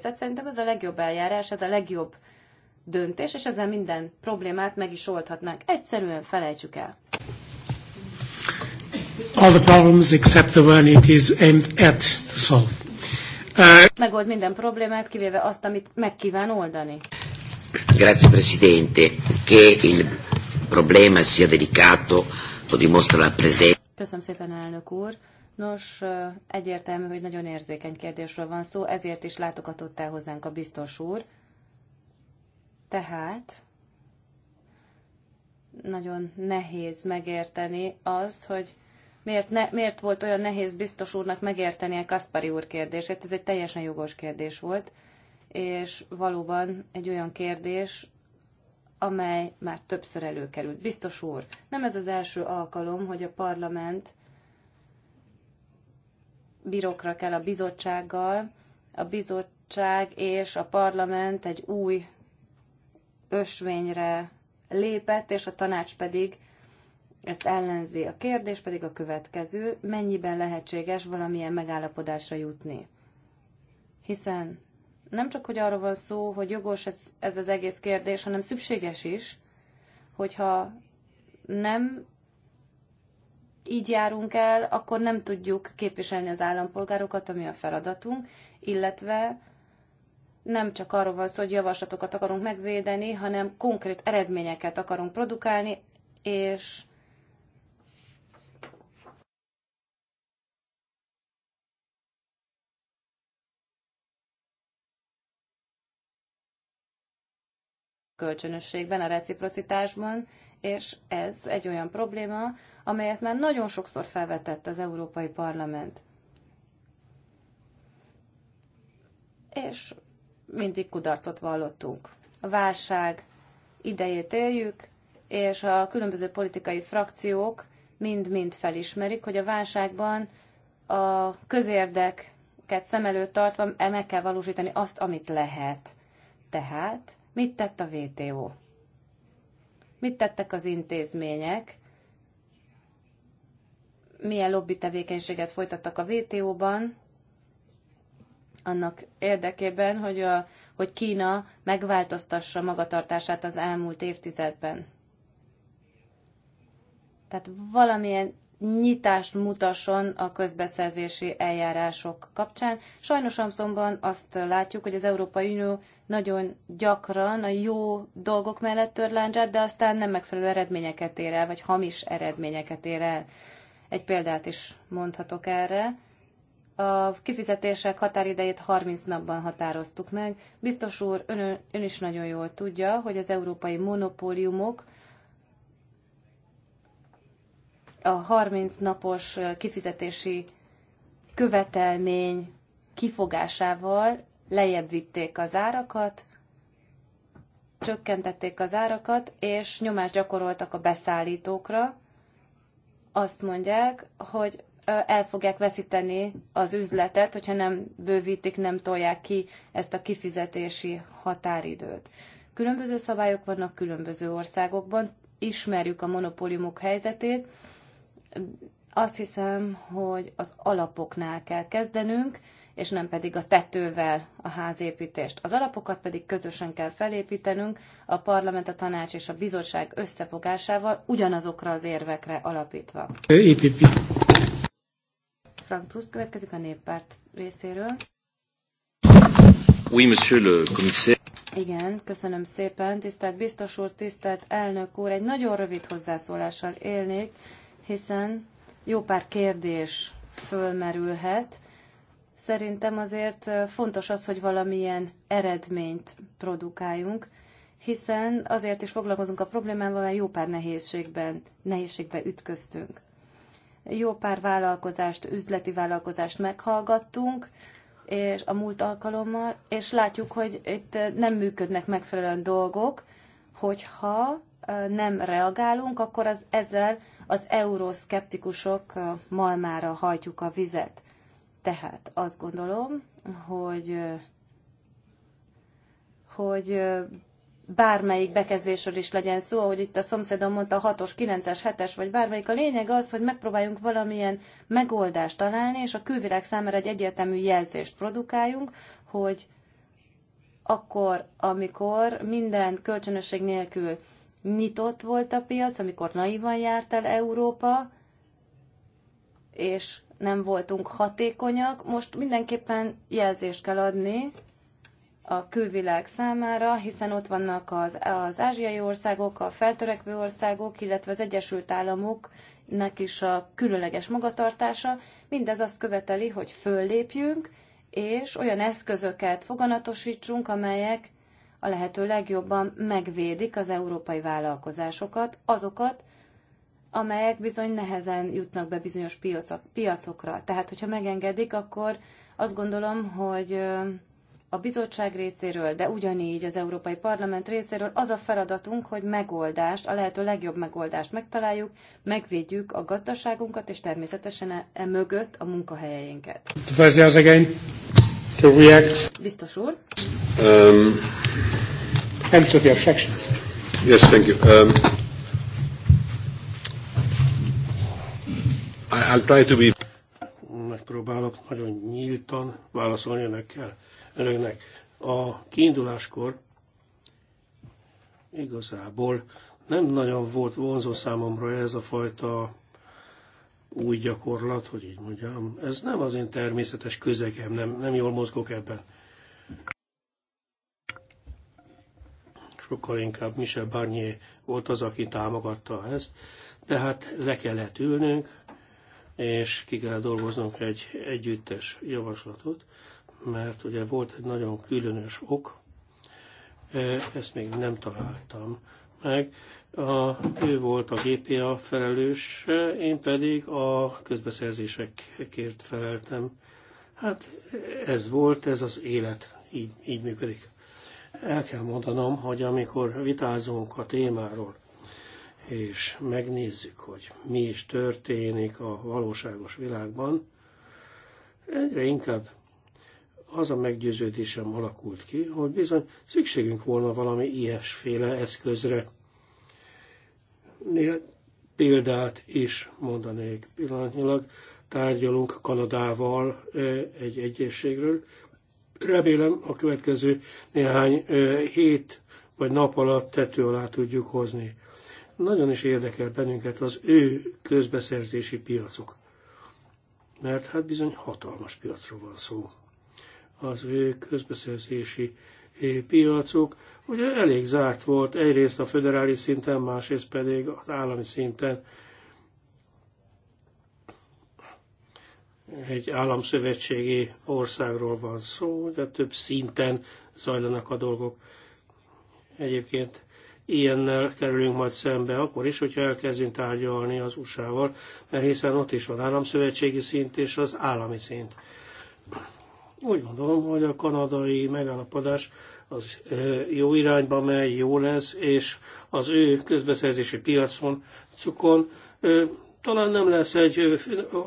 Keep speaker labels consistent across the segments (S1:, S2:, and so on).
S1: Tehát szerintem ez a legjobb eljárás, ez a legjobb döntés, és ezzel minden problémát meg is oldhatnánk. Egyszerűen felejtsük el.
S2: All the problems except the one it is aimed at to solve. Uh,
S1: Megold minden problémát, kivéve azt, amit meg kíván oldani.
S2: Grazie Presidente, che il problema sia delicato lo dimostra la presenza.
S1: Köszönöm szépen, elnök úr. Nos, egyértelmű, hogy nagyon érzékeny kérdésről van szó, ezért is látogatott el hozzánk a biztos úr. Tehát nagyon nehéz megérteni azt, hogy miért, ne, miért volt olyan nehéz biztos úrnak megérteni a Kaspari úr kérdését. Ez egy teljesen jogos kérdés volt, és valóban egy olyan kérdés, amely már többször előkerült. Biztos úr, nem ez az első alkalom, hogy a parlament birokra kell a bizottsággal. A bizottság és a parlament egy új ösvényre lépett, és a tanács pedig ezt ellenzi. A kérdés pedig a következő, mennyiben lehetséges valamilyen megállapodásra jutni. Hiszen nem csak, hogy arra van szó, hogy jogos ez, ez az egész kérdés, hanem szükséges is, hogyha nem így járunk el, akkor nem tudjuk képviselni az állampolgárokat, ami a feladatunk, illetve nem csak arról van szó, hogy javaslatokat akarunk megvédeni, hanem konkrét eredményeket akarunk produkálni, és kölcsönösségben, a reciprocitásban, és ez egy olyan probléma, amelyet már nagyon sokszor felvetett az Európai Parlament. És mindig kudarcot vallottunk. A válság idejét éljük, és a különböző politikai frakciók mind-mind felismerik, hogy a válságban a közérdeket szem előtt tartva meg kell valósítani azt, amit lehet. Tehát mit tett a VTO? Mit tettek az intézmények? Milyen lobby tevékenységet folytattak a WTO-ban? annak érdekében, hogy, a, hogy Kína megváltoztassa magatartását az elmúlt évtizedben. Tehát valamilyen nyitást mutasson a közbeszerzési eljárások kapcsán. Sajnos azonban azt látjuk, hogy az Európai Unió nagyon gyakran a jó dolgok mellett tör láncsát, de aztán nem megfelelő eredményeket ér el, vagy hamis eredményeket ér el. Egy példát is mondhatok erre. A kifizetések határidejét 30 napban határoztuk meg. Biztos úr, ön, ön is nagyon jól tudja, hogy az európai monopóliumok a 30 napos kifizetési követelmény kifogásával lejjebb vitték az árakat, csökkentették az árakat, és nyomást gyakoroltak a beszállítókra. Azt mondják, hogy el fogják veszíteni az üzletet, hogyha nem bővítik, nem tolják ki ezt a kifizetési határidőt. Különböző szabályok vannak különböző országokban, ismerjük a monopóliumok helyzetét, azt hiszem, hogy az alapoknál kell kezdenünk, és nem pedig a tetővel a házépítést. Az alapokat pedig közösen kell felépítenünk a parlament, a tanács és a bizottság összefogásával, ugyanazokra az érvekre alapítva. EPP. Frank Proust következik a néppárt részéről.
S2: Oui, monsieur le commissaire.
S1: Igen, köszönöm szépen. Tisztelt biztos úr, tisztelt elnök úr, egy nagyon rövid hozzászólással élnék, hiszen jó pár kérdés fölmerülhet. Szerintem azért fontos az, hogy valamilyen eredményt produkáljunk, hiszen azért is foglalkozunk a problémával, mert jó pár nehézségben, nehézségbe ütköztünk. Jó pár vállalkozást, üzleti vállalkozást meghallgattunk, és a múlt alkalommal, és látjuk, hogy itt nem működnek megfelelően dolgok, hogyha nem reagálunk, akkor az ezzel az euroszkeptikusok malmára hajtjuk a vizet. Tehát azt gondolom, hogy hogy bármelyik bekezdésről is legyen szó, ahogy itt a szomszédom mondta, 6-os, 9-es, 7-es, vagy bármelyik. A lényeg az, hogy megpróbáljunk valamilyen megoldást találni, és a külvilág számára egy egyértelmű jelzést produkáljunk, hogy akkor, amikor minden kölcsönösség nélkül nyitott volt a piac, amikor naivan járt el Európa, és nem voltunk hatékonyak. Most mindenképpen jelzést kell adni a külvilág számára, hiszen ott vannak az, az ázsiai országok, a feltörekvő országok, illetve az Egyesült Államoknak is a különleges magatartása. Mindez azt követeli, hogy föllépjünk, és olyan eszközöket foganatosítsunk, amelyek a lehető legjobban megvédik az európai vállalkozásokat, azokat, amelyek bizony nehezen jutnak be bizonyos piacokra. Tehát, hogyha megengedik, akkor azt gondolom, hogy a bizottság részéről, de ugyanígy az Európai Parlament részéről az a feladatunk, hogy megoldást, a lehető legjobb megoldást megtaláljuk, megvédjük a gazdaságunkat, és természetesen e, e mögött a munkahelyeinket. Biztos úr?
S2: Um, and to the objections. Yes, thank you. Um,
S3: I'll try to be...
S4: Megpróbálok nagyon nyíltan válaszolni önökkel, önöknek. A kiinduláskor igazából nem nagyon volt vonzó számomra ez a fajta új gyakorlat, hogy így mondjam. Ez nem az én természetes közegem, nem, nem jól mozgok ebben sokkal inkább Michel Barnier volt az, aki támogatta ezt. de hát le kellett ülnünk, és ki kell dolgoznunk egy együttes javaslatot, mert ugye volt egy nagyon különös ok, ezt még nem találtam meg. A, ő volt a GPA felelős, én pedig a közbeszerzésekért feleltem. Hát ez volt, ez az élet, így, így működik. El kell mondanom, hogy amikor vitázunk a témáról, és megnézzük, hogy mi is történik a valóságos világban, egyre inkább az a meggyőződésem alakult ki, hogy bizony szükségünk volna valami ilyesféle eszközre. Néha példát is mondanék pillanatnyilag. Tárgyalunk Kanadával eh, egy egyességről, Remélem a következő néhány hét vagy nap alatt tető alá tudjuk hozni. Nagyon is érdekel bennünket az ő közbeszerzési piacok. Mert hát bizony hatalmas piacról van szó. Az ő közbeszerzési piacok ugye elég zárt volt, egyrészt a föderális szinten, másrészt pedig az állami szinten egy államszövetségi országról van szó, de több szinten zajlanak a dolgok. Egyébként ilyennel kerülünk majd szembe akkor is, hogyha elkezdünk tárgyalni az USA-val, mert hiszen ott is van államszövetségi szint és az állami szint. Úgy gondolom, hogy a kanadai megállapodás az jó irányba megy, jó lesz, és az ő közbeszerzési piacon, cukon talán nem lesz egy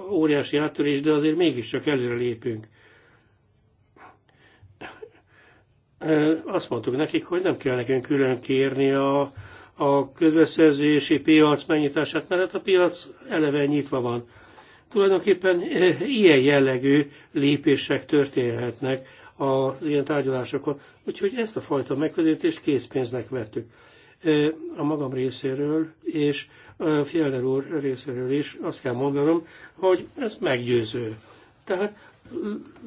S4: óriási áttörés, de azért mégiscsak előre lépünk. Azt mondtuk nekik, hogy nem kell nekünk külön kérni a, a közbeszerzési piac megnyitását, mert hát a piac eleve nyitva van. Tulajdonképpen ilyen jellegű lépések történhetnek az ilyen tárgyalásokon. Úgyhogy ezt a fajta megközelítést készpénznek vettük a magam részéről, és Fjellner úr részéről is azt kell mondanom, hogy ez meggyőző. Tehát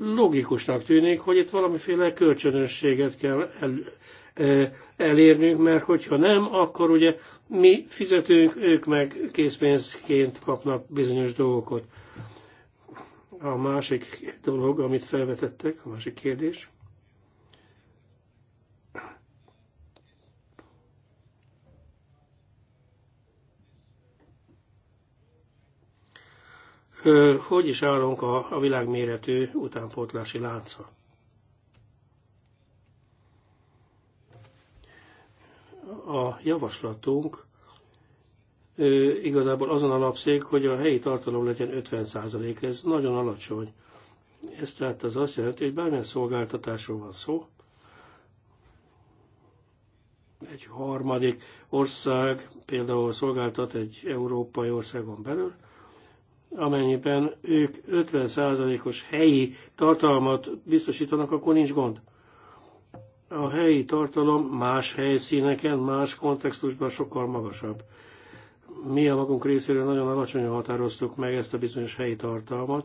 S4: logikusnak tűnik, hogy itt valamiféle kölcsönösséget kell el, elérnünk, mert hogyha nem, akkor ugye mi fizetünk, ők meg készpénzként kapnak bizonyos dolgokat. A másik dolog, amit felvetettek, a másik kérdés, hogy is állunk a, a világméretű utánpótlási lánca? A javaslatunk igazából azon alapszék, hogy a helyi tartalom legyen 50%, ez nagyon alacsony. Ez tehát az azt jelenti, hogy bármilyen szolgáltatásról van szó, egy harmadik ország például szolgáltat egy európai országon belül, amennyiben ők 50%-os helyi tartalmat biztosítanak, akkor nincs gond. A helyi tartalom más helyszíneken, más kontextusban sokkal magasabb. Mi a magunk részéről nagyon alacsonyan határoztuk meg ezt a bizonyos helyi tartalmat,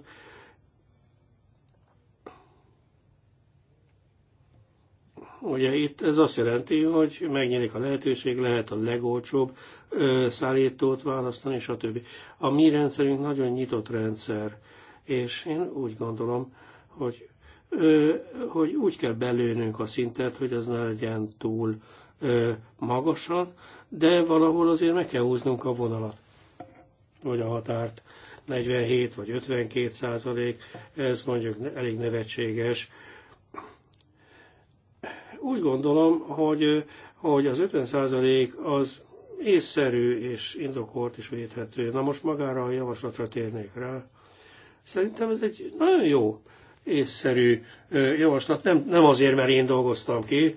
S4: Ugye itt ez azt jelenti, hogy megnyílik a lehetőség, lehet a legolcsóbb ö, szállítót választani, stb. A mi rendszerünk nagyon nyitott rendszer, és én úgy gondolom, hogy, ö, hogy úgy kell belőnünk a szintet, hogy ez ne legyen túl ö, magasan, de valahol azért meg kell húznunk a vonalat, vagy a határt. 47 vagy 52 százalék, ez mondjuk elég nevetséges úgy gondolom, hogy, hogy az 50% az észszerű és indokolt is védhető. Na most magára a javaslatra térnék rá. Szerintem ez egy nagyon jó, észszerű javaslat. Nem, nem azért, mert én dolgoztam ki.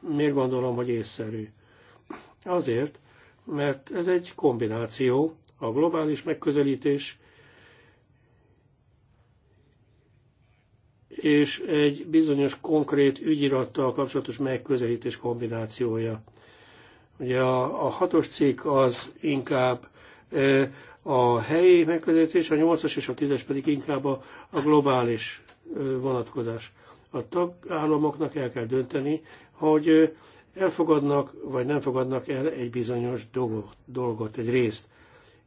S4: Miért gondolom, hogy észszerű? Azért, mert ez egy kombináció, a globális megközelítés és egy bizonyos konkrét ügyirattal kapcsolatos megközelítés kombinációja. Ugye a, a hatos cikk az inkább e, a helyi megközelítés, a nyolcas és a tízes pedig inkább a, a globális e, vonatkozás. A tagállamoknak el kell dönteni, hogy elfogadnak vagy nem fogadnak el egy bizonyos dolgot, dolgot egy részt.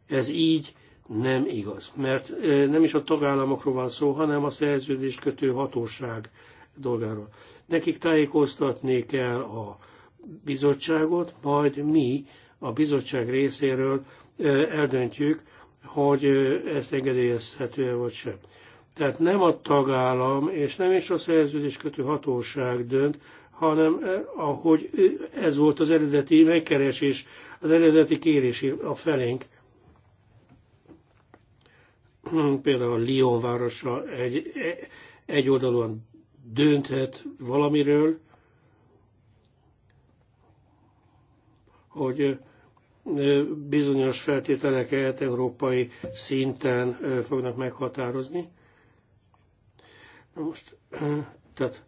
S4: Ez így nem igaz, mert nem is a tagállamokról van szó, hanem a szerződést kötő hatóság dolgáról. Nekik tájékoztatni kell a bizottságot, majd mi a bizottság részéről eldöntjük, hogy ez engedélyezhető-e vagy sem. Tehát nem a tagállam, és nem is a szerződés kötő hatóság dönt, hanem ahogy ez volt az eredeti megkeresés, az eredeti kérés a felénk, például a Lyon városa egy, e, egy oldalon dönthet valamiről, hogy e, bizonyos feltételeket európai szinten e, fognak meghatározni. Na most, tehát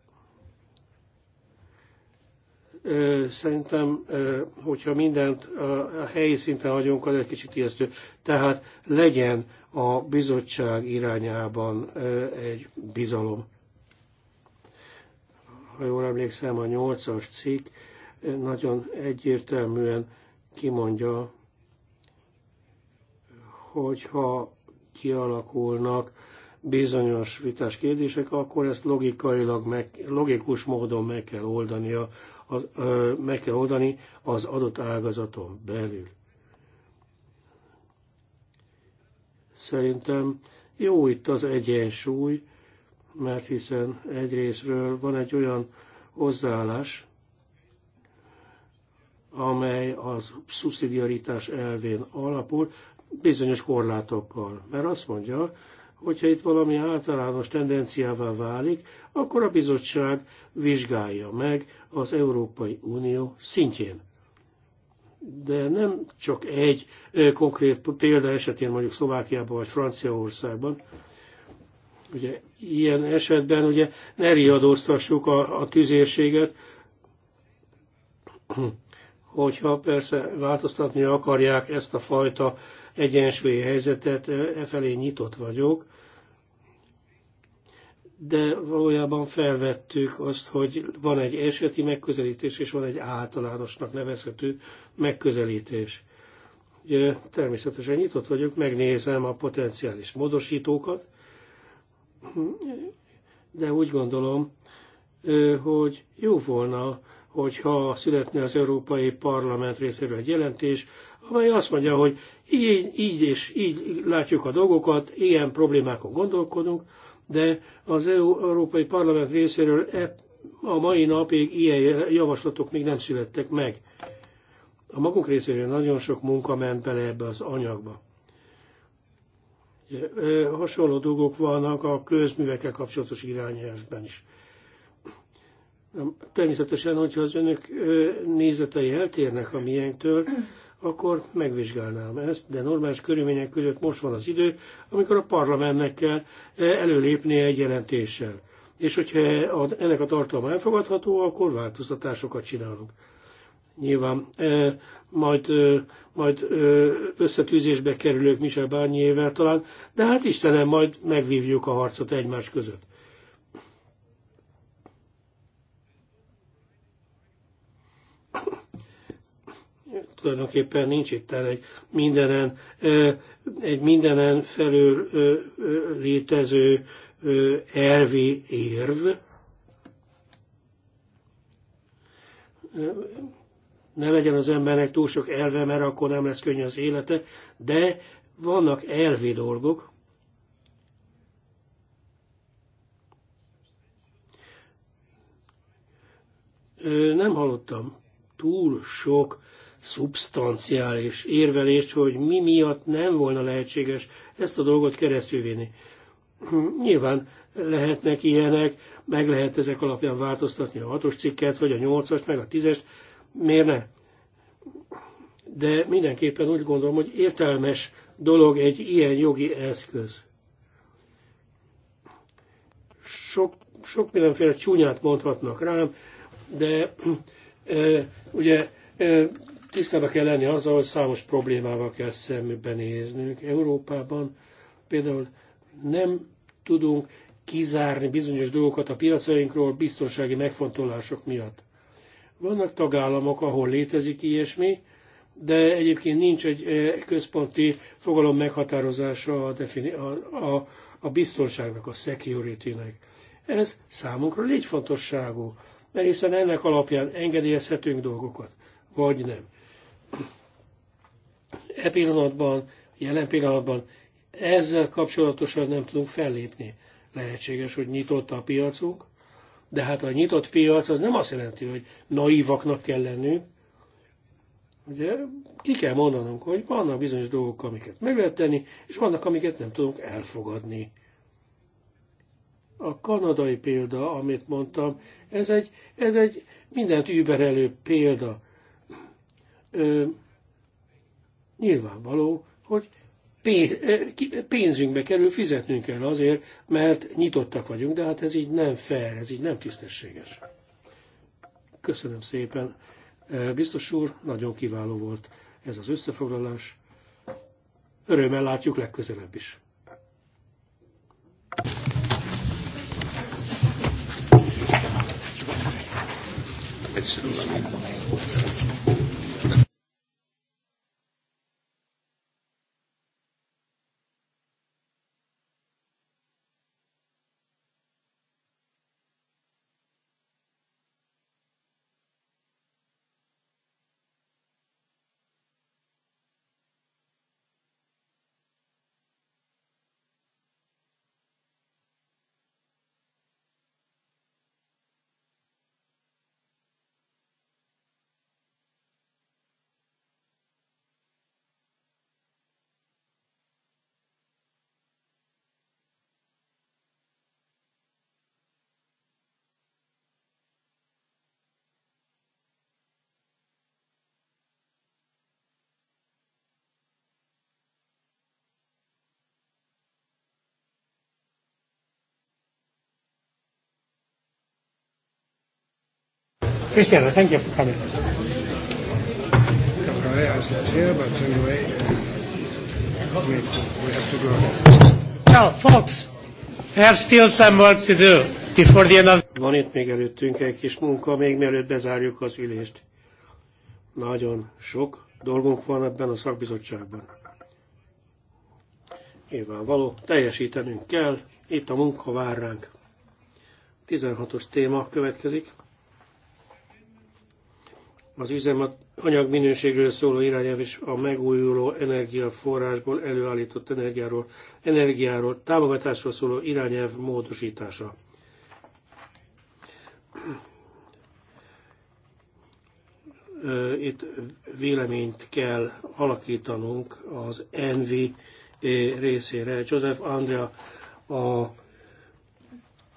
S4: Szerintem, hogyha mindent a helyi szinten hagyunk, az egy kicsit ijesztő. Tehát legyen a bizottság irányában egy bizalom. Ha jól emlékszem, a nyolcas cikk nagyon egyértelműen kimondja, hogyha kialakulnak bizonyos vitás kérdések, akkor ezt logikailag, meg, logikus módon meg kell oldania az, ö, meg kell oldani az adott ágazaton belül. Szerintem jó itt az egyensúly, mert hiszen egyrésztről van egy olyan hozzáállás, amely az szubszidiaritás elvén alapul, bizonyos korlátokkal. Mert azt mondja, hogyha itt valami általános tendenciává válik, akkor a bizottság vizsgálja meg az Európai Unió szintjén. De nem csak egy konkrét példa esetén, mondjuk Szlovákiában vagy Franciaországban, ugye ilyen esetben ugye ne riadóztassuk a, a tüzérséget, hogyha persze változtatni akarják ezt a fajta egyensúlyi helyzetet, e felé nyitott vagyok, de valójában felvettük azt, hogy van egy eseti megközelítés, és van egy általánosnak nevezhető megközelítés. Ugye, természetesen nyitott vagyok, megnézem a potenciális módosítókat, de úgy gondolom, hogy jó volna hogyha születne az Európai Parlament részéről egy jelentés, amely azt mondja, hogy így, így és így látjuk a dolgokat, ilyen problémákon gondolkodunk, de az e Európai Parlament részéről e, a mai napig ilyen javaslatok még nem születtek meg. A magunk részéről nagyon sok munka ment bele ebbe az anyagba. Hasonló dolgok vannak a közművekkel kapcsolatos irányelvben is. Természetesen, hogyha az önök nézetei eltérnek a miénktől, akkor megvizsgálnám ezt, de normális körülmények között most van az idő, amikor a parlamentnek kell előlépnie egy jelentéssel. És hogyha ennek a tartalma elfogadható, akkor változtatásokat csinálunk. Nyilván majd, majd összetűzésbe kerülők Michel Bárnyével talán, de hát Istenem, majd megvívjuk a harcot egymás között. tulajdonképpen nincs itt egy mindenen, egy mindenen felül létező elvi érv. Ne legyen az embernek túl sok elve, mert akkor nem lesz könnyű az élete, de vannak elvi dolgok, nem hallottam túl sok szubstanciális érvelést, hogy mi miatt nem volna lehetséges ezt a dolgot keresztülvinni. Nyilván lehetnek ilyenek, meg lehet ezek alapján változtatni a hatos cikket, vagy a nyolcas, meg a tízest, miért ne? De mindenképpen úgy gondolom, hogy értelmes dolog egy ilyen jogi eszköz. Sok, sok mindenféle csúnyát mondhatnak rám, de e, ugye e, Tisztában kell lenni azzal, hogy számos problémával kell szembenéznünk. Európában például nem tudunk kizárni bizonyos dolgokat a piacainkról biztonsági megfontolások miatt. Vannak tagállamok, ahol létezik ilyesmi, de egyébként nincs egy eh, központi fogalom meghatározása a, defini- a, a, a biztonságnak, a security-nek. Ez számunkra légy fontosságú, mert hiszen ennek alapján engedélyezhetünk dolgokat, vagy nem. E pillanatban, jelen pillanatban ezzel kapcsolatosan nem tudunk fellépni. Lehetséges, hogy nyitott a piacunk, de hát a nyitott piac az nem azt jelenti, hogy naívaknak kell lennünk. Ugye ki kell mondanunk, hogy vannak bizonyos dolgok, amiket meg lehet tenni, és vannak, amiket nem tudunk elfogadni. A kanadai példa, amit mondtam, ez egy, ez egy mindent überelő példa ö, nyilvánvaló, hogy pénzünkbe kerül, fizetnünk kell azért, mert nyitottak vagyunk, de hát ez így nem fair, ez így nem tisztességes. Köszönöm szépen. Biztos úr, nagyon kiváló volt ez az összefoglalás. Örömmel látjuk legközelebb is.
S2: Christian, thank you for coming.
S4: Now, folks, We have still some work to do before the end of... Van itt még előttünk egy kis munka, még mielőtt bezárjuk az ülést. Nagyon sok dolgunk van ebben a szakbizottságban. Nyilvánvaló, teljesítenünk kell, itt a munka vár ránk. 16-os téma következik az üzemanyag minőségről szóló irányelv és a megújuló energiaforrásból előállított energiáról, energiáról támogatásról szóló irányelv módosítása. Itt véleményt kell alakítanunk az ENVI részére. Joseph Andrea a,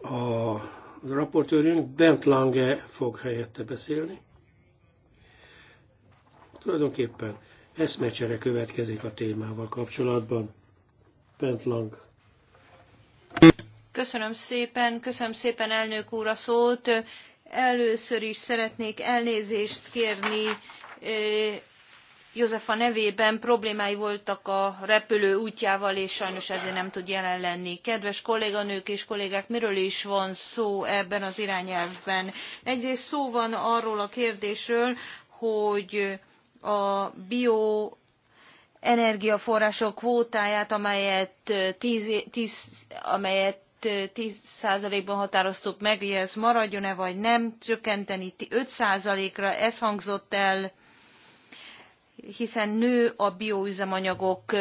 S4: a raportőrünk, Bent Lange fog helyette beszélni. Tulajdonképpen eszmecsere következik a témával kapcsolatban. Bent Lang.
S5: Köszönöm szépen, köszönöm szépen elnök úr a szót. Először is szeretnék elnézést kérni eh, Józefa nevében problémái voltak a repülő útjával, és sajnos ezért nem tud jelen lenni. Kedves kolléganők és kollégák, miről is van szó ebben az irányelvben? Egyrészt szó van arról a kérdésről, hogy a bioenergiaforrások energiaforrások kvótáját, amelyet 10, 10, amelyet 10%-ban határoztuk meg, hogy ez maradjon-e vagy nem, csökkenteni 5%-ra, ez hangzott el, hiszen nő a bioüzemanyagok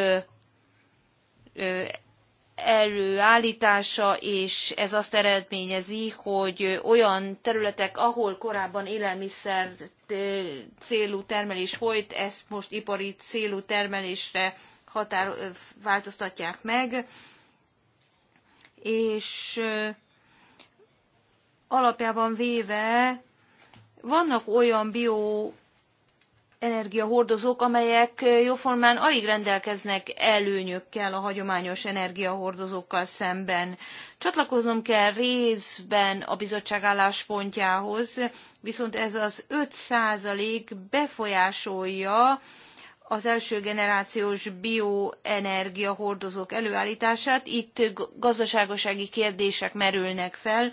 S5: előállítása, és ez azt eredményezi, hogy olyan területek, ahol korábban élelmiszer eh, célú termelés folyt, ezt most ipari célú termelésre határ, változtatják meg, és alapjában véve vannak olyan bio energiahordozók, amelyek jóformán alig rendelkeznek előnyökkel a hagyományos energiahordozókkal szemben. Csatlakoznom kell részben a bizottság álláspontjához, viszont ez az 5 százalék befolyásolja az első generációs bioenergia hordozók előállítását. Itt gazdaságosági kérdések merülnek fel,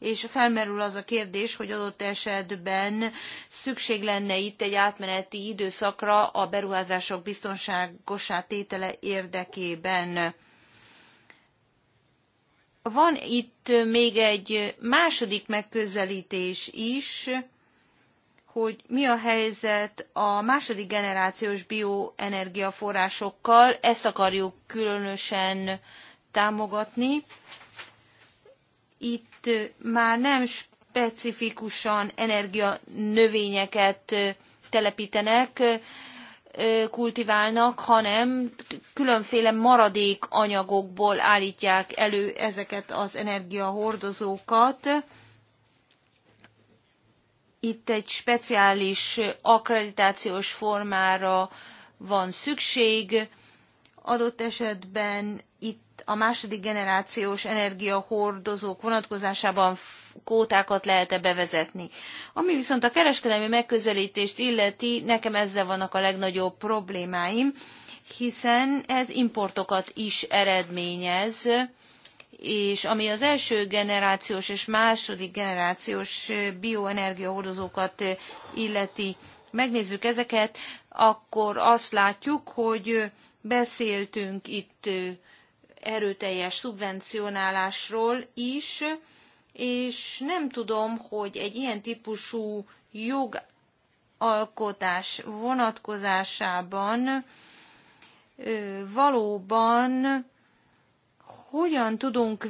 S5: és felmerül az a kérdés, hogy adott esetben szükség lenne itt egy átmeneti időszakra a beruházások biztonságosá tétele érdekében. Van itt még egy második megközelítés is, hogy mi a helyzet a második generációs bioenergiaforrásokkal, ezt akarjuk különösen támogatni. Itt már nem specifikusan energia növényeket telepítenek, kultiválnak, hanem különféle maradék anyagokból állítják elő ezeket az energiahordozókat. Itt egy speciális akkreditációs formára van szükség, adott esetben a második generációs energiahordozók vonatkozásában kótákat lehet-e bevezetni. Ami viszont a kereskedelmi megközelítést illeti, nekem ezzel vannak a legnagyobb problémáim, hiszen ez importokat is eredményez, és ami az első generációs és második generációs bioenergiahordozókat illeti, megnézzük ezeket, akkor azt látjuk, hogy beszéltünk itt erőteljes szubvencionálásról is, és nem tudom, hogy egy ilyen típusú jogalkotás vonatkozásában valóban hogyan tudunk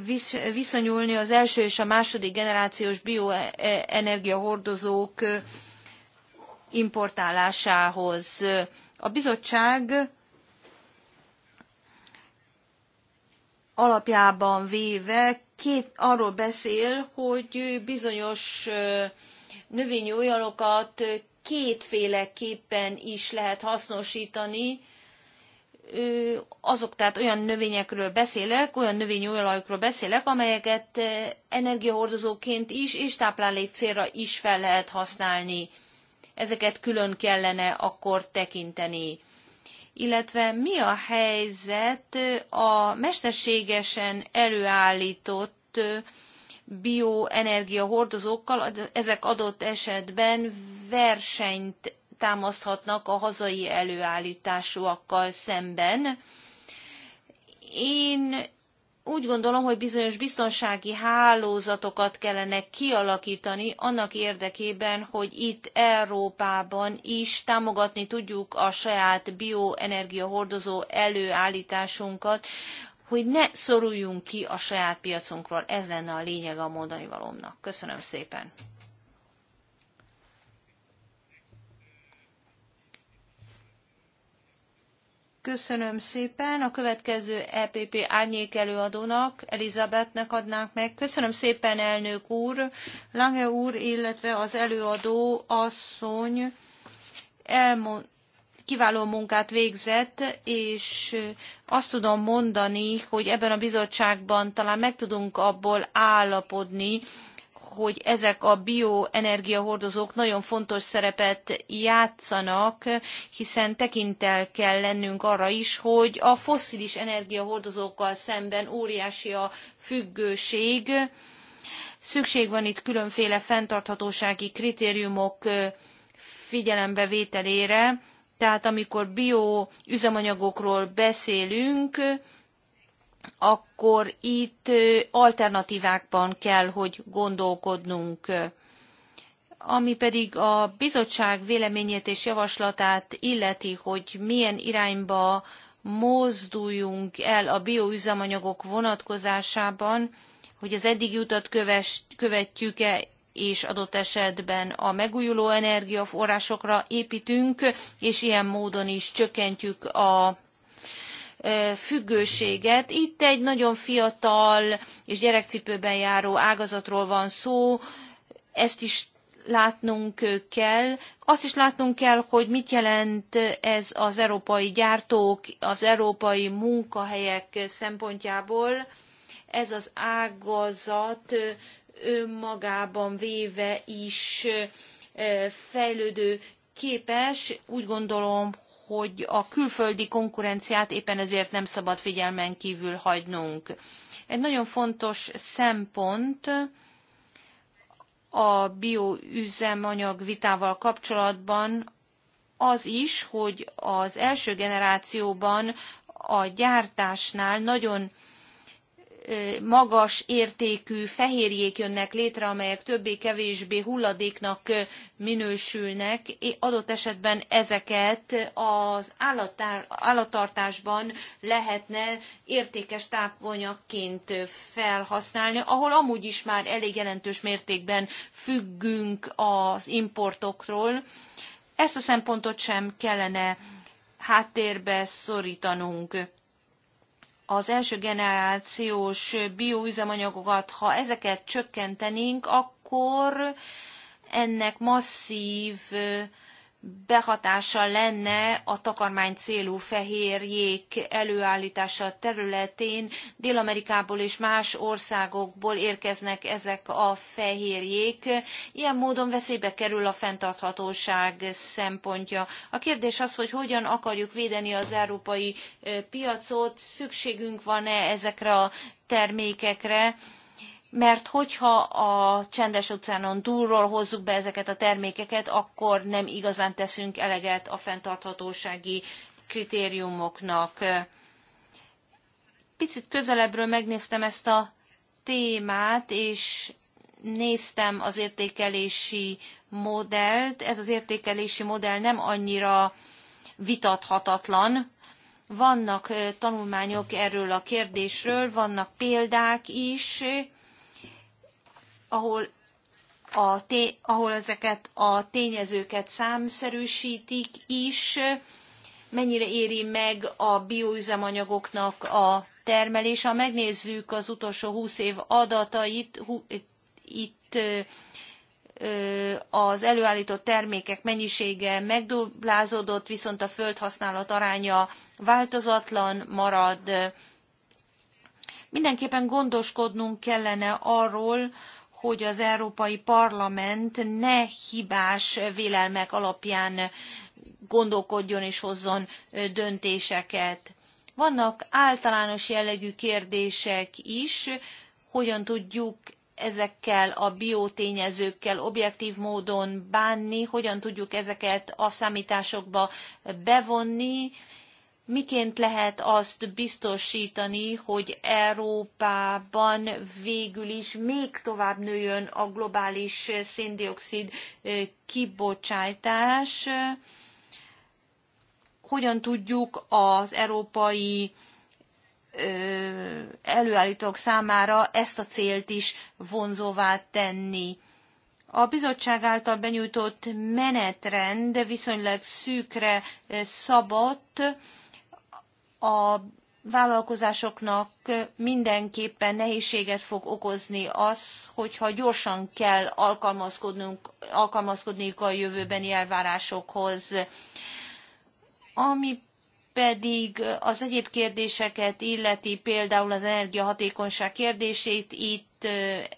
S5: viszonyulni az első és a második generációs bioenergiahordozók importálásához. A bizottság alapjában véve két, arról beszél, hogy bizonyos növényi olyanokat kétféleképpen is lehet hasznosítani, azok, tehát olyan növényekről beszélek, olyan növényi olajokról beszélek, amelyeket energiahordozóként is és táplálék célra is fel lehet használni. Ezeket külön kellene akkor tekinteni illetve mi a helyzet a mesterségesen előállított bioenergia hordozókkal, ezek adott esetben versenyt támaszthatnak a hazai előállításúakkal szemben. Én úgy gondolom, hogy bizonyos biztonsági hálózatokat kellene kialakítani annak érdekében, hogy itt Európában is támogatni tudjuk a saját bioenergia hordozó előállításunkat, hogy ne szoruljunk ki a saját piacunkról. Ez lenne a lényeg a mondani valómnak. Köszönöm szépen! Köszönöm szépen. A következő EPP árnyék előadónak, Elizabetnek adnánk meg. Köszönöm szépen, elnök úr, Lange úr, illetve az előadó asszony elmond, kiváló munkát végzett, és azt tudom mondani, hogy ebben a bizottságban talán meg tudunk abból állapodni, hogy ezek a bioenergiahordozók nagyon fontos szerepet játszanak, hiszen tekintel kell lennünk arra is, hogy a fosszilis energiahordozókkal szemben óriási a függőség. Szükség van itt különféle fenntarthatósági kritériumok figyelembevételére, tehát amikor bioüzemanyagokról beszélünk, akkor itt alternatívákban kell, hogy gondolkodnunk. Ami pedig a bizottság véleményét és javaslatát illeti, hogy milyen irányba mozduljunk el a bioüzemanyagok vonatkozásában, hogy az eddig utat követjük-e, és adott esetben a megújuló energiaforrásokra építünk, és ilyen módon is csökkentjük a függőséget. Itt egy nagyon fiatal és gyerekcipőben járó ágazatról van szó, ezt is látnunk kell. Azt is látnunk kell, hogy mit jelent ez az európai gyártók, az európai munkahelyek szempontjából. Ez az ágazat önmagában véve is fejlődő képes. Úgy gondolom, hogy a külföldi konkurenciát éppen ezért nem szabad figyelmen kívül hagynunk. Egy nagyon fontos szempont a bioüzemanyag vitával kapcsolatban az is, hogy az első generációban a gyártásnál nagyon magas értékű fehérjék jönnek létre, amelyek többé-kevésbé hulladéknak minősülnek. Adott esetben ezeket az állattartásban lehetne értékes tápanyagként felhasználni, ahol amúgy is már elég jelentős mértékben függünk az importoktól. Ezt a szempontot sem kellene háttérbe szortanunk az első generációs bioüzemanyagokat, ha ezeket csökkentenénk, akkor ennek masszív behatása lenne a takarmány célú fehérjék előállítása területén. Dél-Amerikából és más országokból érkeznek ezek a fehérjék. Ilyen módon veszélybe kerül a fenntarthatóság szempontja. A kérdés az, hogy hogyan akarjuk védeni az európai piacot, szükségünk van-e ezekre a termékekre mert hogyha a csendes óceánon túlról hozzuk be ezeket a termékeket, akkor nem igazán teszünk eleget a fenntarthatósági kritériumoknak. Picit közelebbről megnéztem ezt a témát, és néztem az értékelési modellt. Ez az értékelési modell nem annyira vitathatatlan. Vannak tanulmányok erről a kérdésről, vannak példák is, ahol a té- ahol ezeket a tényezőket számszerűsítik is, mennyire éri meg a bioüzemanyagoknak a termelés. Ha megnézzük az utolsó 20 év adatait, itt az előállított termékek mennyisége megduplázódott, viszont a földhasználat aránya változatlan marad. Mindenképpen gondoskodnunk kellene arról, hogy az Európai Parlament ne hibás vélelmek alapján gondolkodjon és hozzon döntéseket. Vannak általános jellegű kérdések is, hogyan tudjuk ezekkel a biotényezőkkel objektív módon bánni, hogyan tudjuk ezeket a számításokba bevonni, miként lehet azt biztosítani, hogy Európában végül is még tovább nőjön a globális széndiokszid kibocsátás? Hogyan tudjuk az európai előállítók számára ezt a célt is vonzóvá tenni? A bizottság által benyújtott menetrend viszonylag szűkre szabott, a vállalkozásoknak mindenképpen nehézséget fog okozni az, hogyha gyorsan kell alkalmazkodnunk, alkalmazkodniuk a jövőbeni elvárásokhoz. Ami pedig az egyéb kérdéseket illeti, például az energiahatékonyság kérdését, itt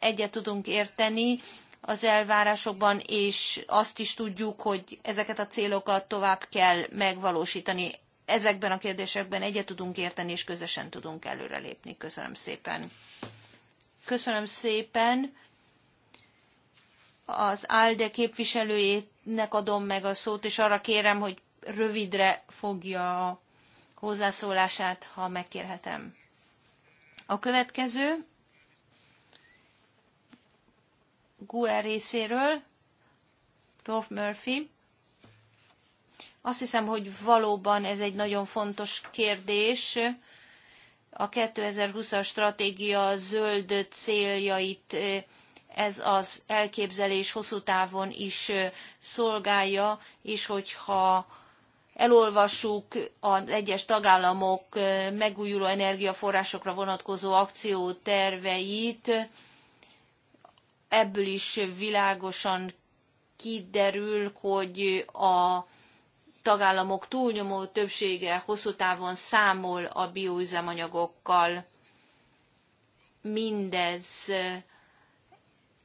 S5: egyet tudunk érteni az elvárásokban, és azt is tudjuk, hogy ezeket a célokat tovább kell megvalósítani ezekben a kérdésekben egyet tudunk érteni, és közösen tudunk előrelépni. Köszönöm szépen. Köszönöm szépen. Az ALDE képviselőjének adom meg a szót, és arra kérem, hogy rövidre fogja a hozzászólását, ha megkérhetem. A következő GUER részéről Prof. Murphy. Azt hiszem, hogy valóban ez egy nagyon fontos kérdés. A 2020-as stratégia zöld céljait ez az elképzelés hosszú távon is szolgálja, és hogyha elolvassuk az egyes tagállamok megújuló energiaforrásokra vonatkozó terveit, ebből is világosan kiderül, hogy a tagállamok túlnyomó többsége hosszú távon számol a bioüzemanyagokkal. Mindez eh,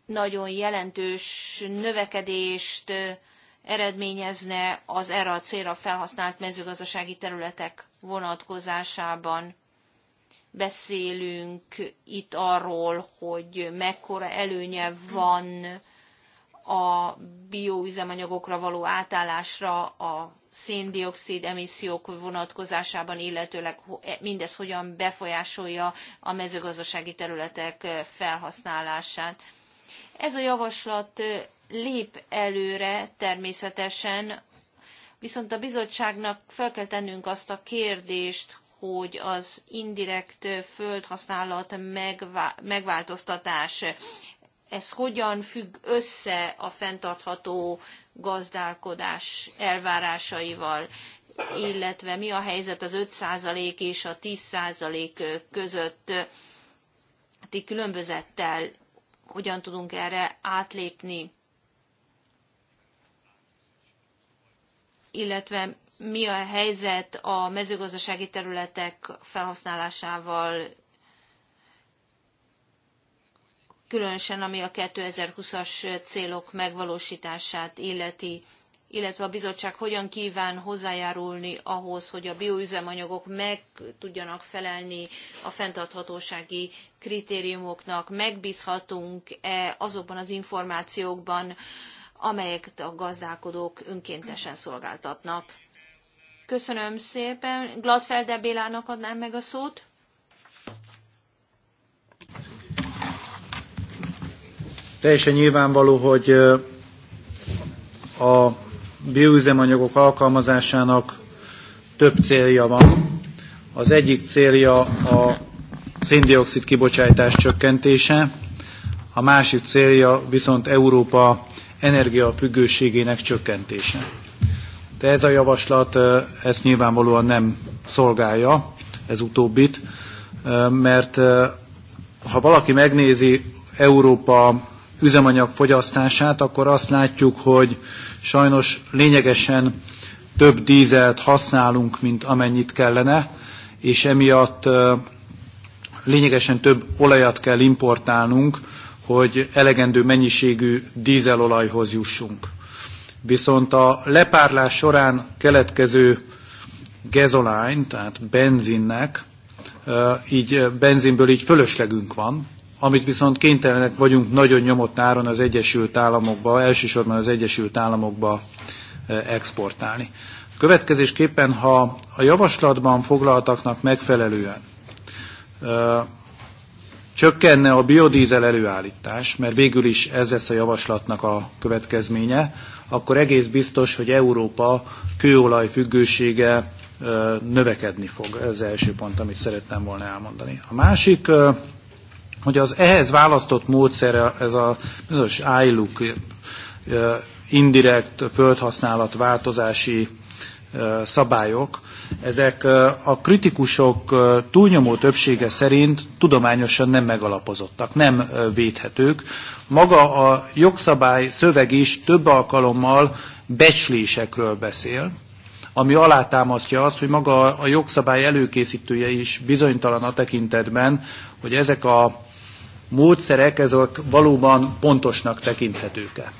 S5: nagyon jelentős növekedést eh, eredményezne az erre a célra felhasznált mezőgazdasági területek vonatkozásában. Beszélünk itt arról, hogy mekkora előnye van a bioüzemanyagokra való átállásra a széndiokszid emissziók vonatkozásában, illetőleg e- mindez hogyan befolyásolja a mezőgazdasági területek e, felhasználását. Ez a javaslat e, lép előre természetesen, viszont a bizottságnak fel kell tennünk azt a kérdést, hogy az indirekt földhasználat megvá- megváltoztatás ez hogyan függ össze a fenntartható gazdálkodás elvárásaival, illetve mi a helyzet az 5% és a 10% között ti különbözettel, hogyan tudunk erre átlépni, illetve mi a helyzet a mezőgazdasági területek felhasználásával különösen ami a 2020-as célok megvalósítását illeti, illetve a bizottság hogyan kíván hozzájárulni ahhoz, hogy a bioüzemanyagok meg tudjanak felelni a fenntarthatósági kritériumoknak, megbízhatunk-e azokban az információkban, amelyeket a gazdálkodók önkéntesen szolgáltatnak. Köszönöm szépen. Gladfelder Bélának adnám meg a szót.
S3: Teljesen nyilvánvaló, hogy a bioüzemanyagok alkalmazásának több célja van. Az egyik célja a széndiokszid kibocsátás csökkentése, a másik célja viszont Európa energiafüggőségének csökkentése. De ez a javaslat ezt nyilvánvalóan nem szolgálja, ez utóbbit, mert ha valaki megnézi Európa üzemanyag fogyasztását, akkor azt látjuk, hogy sajnos lényegesen több dízelt használunk, mint amennyit kellene, és emiatt lényegesen több olajat kell importálnunk, hogy elegendő mennyiségű dízelolajhoz jussunk. Viszont a lepárlás során keletkező gezolány, tehát benzinnek, így benzinből így fölöslegünk van, amit viszont kénytelenek vagyunk nagyon nyomott áron az Egyesült Államokba, elsősorban az Egyesült Államokba e, exportálni. Következésképpen, ha a javaslatban foglaltaknak megfelelően ö, e, csökkenne a biodízel előállítás, mert végül is ez lesz a javaslatnak a következménye, akkor egész biztos, hogy Európa kőolaj függősége ö, e, növekedni fog. Ez az első pont, amit szerettem volna elmondani. A másik ö, hogy az ehhez választott módszer, ez a bizonyos ILUK, indirekt földhasználat változási szabályok, ezek a kritikusok túlnyomó többsége szerint tudományosan nem megalapozottak, nem védhetők. Maga a jogszabály szöveg is több alkalommal becslésekről beszél, ami alátámasztja azt, hogy maga a jogszabály előkészítője is bizonytalan a tekintetben, hogy ezek a módszerek, ezek valóban pontosnak tekinthetők-e.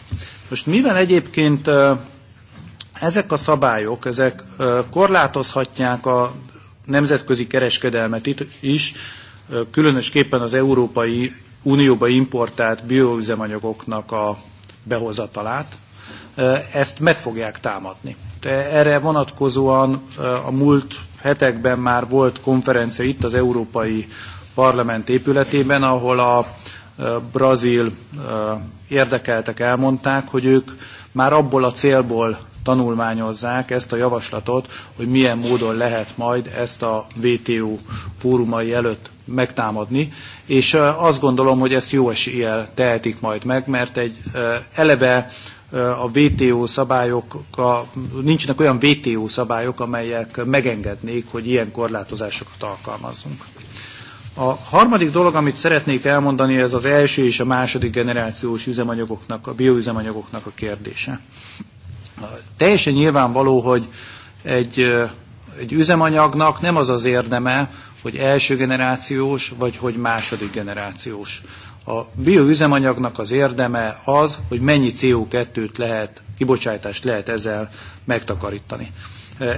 S3: Most mivel egyébként ezek a szabályok, ezek korlátozhatják a nemzetközi kereskedelmet is, különösképpen az Európai Unióba importált bioüzemanyagoknak a behozatalát, ezt meg fogják támadni. De erre vonatkozóan a múlt hetekben már volt konferencia itt az Európai parlament épületében, ahol a brazil érdekeltek elmondták, hogy ők már abból a célból tanulmányozzák ezt a javaslatot, hogy milyen módon lehet majd ezt a WTO fórumai előtt megtámadni, és azt gondolom, hogy ezt jó eséllyel tehetik majd meg, mert egy eleve a WTO szabályok, a, nincsenek olyan WTO szabályok, amelyek megengednék, hogy ilyen korlátozásokat alkalmazzunk. A harmadik dolog, amit szeretnék elmondani, ez az első és a második generációs üzemanyagoknak, a bioüzemanyagoknak a kérdése. Teljesen nyilvánvaló, hogy egy, egy üzemanyagnak nem az az érdeme, hogy első generációs, vagy hogy második generációs. A bioüzemanyagnak az érdeme az, hogy mennyi CO2-t lehet, kibocsátást lehet ezzel megtakarítani.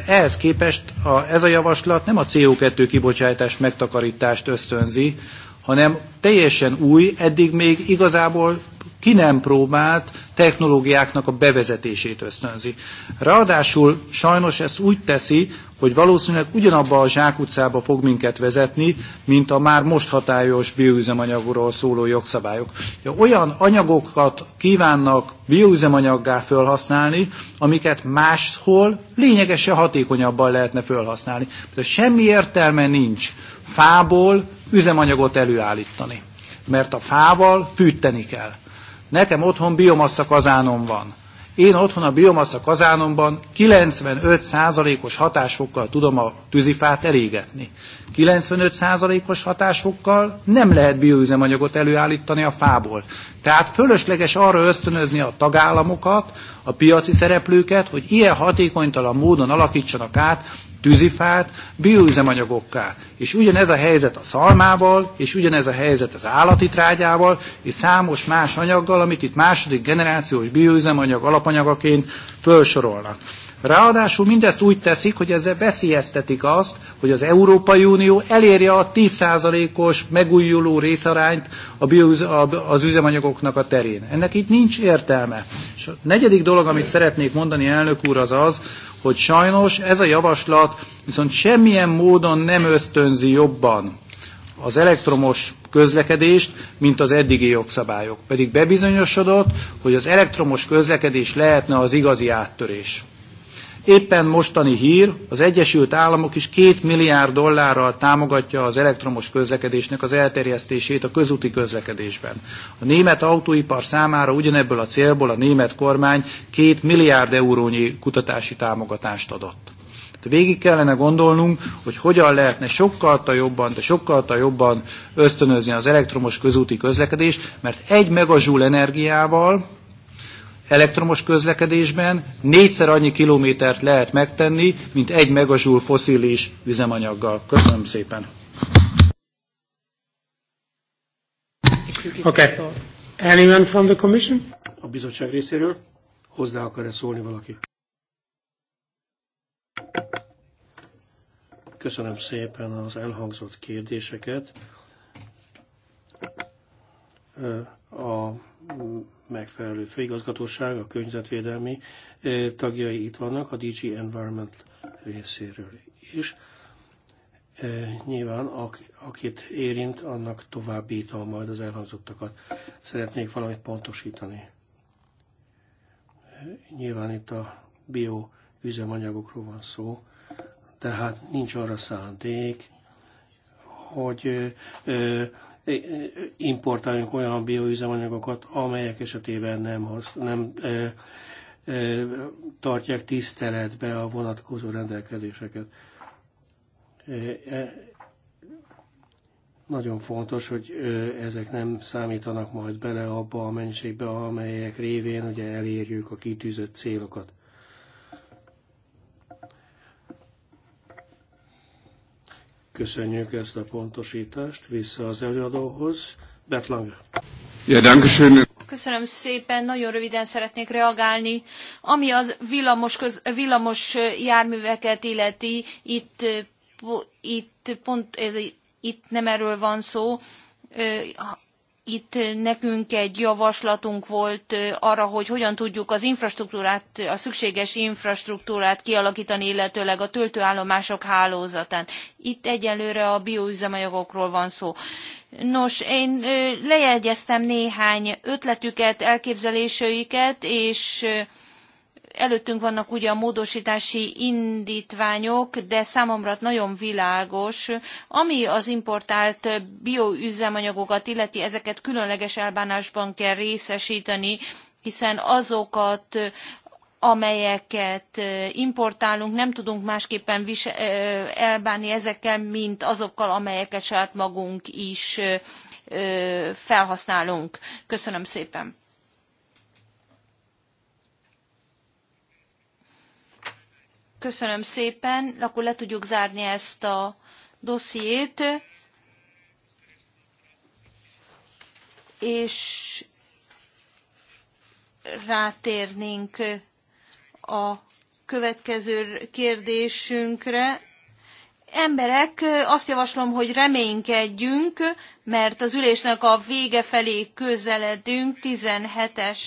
S3: Ehhez képest a, ez a javaslat nem a CO2 kibocsátás megtakarítást ösztönzi, hanem teljesen új, eddig még igazából ki nem próbált technológiáknak a bevezetését ösztönzi. Ráadásul sajnos ezt úgy teszi, hogy valószínűleg ugyanabba a zsákutcába fog minket vezetni, mint a már most hatályos bioüzemanyagról szóló jogszabályok. Olyan anyagokat kívánnak bioüzemanyaggá felhasználni, amiket máshol lényegesen hatékonyabban lehetne felhasználni. De semmi értelme nincs fából üzemanyagot előállítani, mert a fával fűteni kell. Nekem otthon biomassa kazánom van. Én otthon a biomassa kazánomban 95%-os hatásokkal tudom a tűzifát elégetni. 95%-os hatásokkal nem lehet bioüzemanyagot előállítani a fából. Tehát fölösleges arra ösztönözni a tagállamokat, a piaci szereplőket, hogy ilyen hatékonytalan módon alakítsanak át tűzifát bioüzemanyagokká. És ugyanez a helyzet a szalmával, és ugyanez a helyzet az állati trágyával, és számos más anyaggal, amit itt második generációs bioüzemanyag alapanyagaként felsorolnak. Ráadásul mindezt úgy teszik, hogy ezzel veszélyeztetik azt, hogy az Európai Unió elérje a 10%-os megújuló részarányt az üzemanyagoknak a terén. Ennek itt nincs értelme. És a negyedik dolog, amit szeretnék mondani, elnök úr, az az, hogy sajnos ez a javaslat viszont semmilyen módon nem ösztönzi jobban az elektromos közlekedést, mint az eddigi jogszabályok. Pedig bebizonyosodott, hogy az elektromos közlekedés lehetne az igazi áttörés. Éppen mostani hír, az Egyesült Államok is két milliárd dollárral támogatja az elektromos közlekedésnek az elterjesztését a közúti közlekedésben. A német autóipar számára ugyanebből a célból a német kormány két milliárd eurónyi kutatási támogatást adott. Tehát végig kellene gondolnunk, hogy hogyan lehetne sokkal jobban, de sokkal jobban ösztönözni az elektromos közúti közlekedést, mert egy megazsúl energiával, elektromos közlekedésben négyszer annyi kilométert lehet megtenni, mint egy megazsúl foszilis üzemanyaggal. Köszönöm szépen. Okay. Anyone from the commission? A bizottság
S4: részéről hozzá akar-e szólni valaki? Köszönöm szépen az elhangzott kérdéseket. A megfelelő főigazgatóság, a környezetvédelmi eh, tagjai itt vannak, a DG Environment részéről is. Eh, nyilván akit érint, annak továbbítom majd az elhangzottakat. Szeretnék valamit pontosítani. Eh, nyilván itt a bio üzemanyagokról van szó, tehát nincs arra szándék, hogy importáljunk olyan bioüzemanyagokat, amelyek esetében nem, nem e, e, tartják tiszteletbe a vonatkozó rendelkezéseket. E, e, nagyon fontos, hogy ezek nem számítanak majd bele abba a mennyiségbe, amelyek révén ugye elérjük a kitűzött célokat. Köszönjük ezt a pontosítást. Vissza az előadóhoz. Bertlang. Ja, dankeschön.
S5: Köszönöm szépen, nagyon röviden szeretnék reagálni. Ami az villamos, köz, villamos járműveket illeti, itt, itt, pont, ez, itt nem erről van szó itt nekünk egy javaslatunk volt arra, hogy hogyan tudjuk az infrastruktúrát, a szükséges infrastruktúrát kialakítani, illetőleg a töltőállomások hálózatát. Itt egyelőre a bioüzemanyagokról van szó. Nos, én lejegyeztem néhány ötletüket, elképzeléseiket, és előttünk vannak ugye a módosítási indítványok, de számomra nagyon világos, ami az importált bioüzemanyagokat illeti, ezeket különleges elbánásban kell részesíteni, hiszen azokat amelyeket importálunk, nem tudunk másképpen elbánni ezekkel, mint azokkal, amelyeket saját magunk is felhasználunk. Köszönöm szépen! Köszönöm szépen, akkor le tudjuk zárni ezt a dossziét. És rátérnénk a következő kérdésünkre, emberek, azt javaslom, hogy reménykedjünk, mert az ülésnek a vége felé közeledünk, 17-es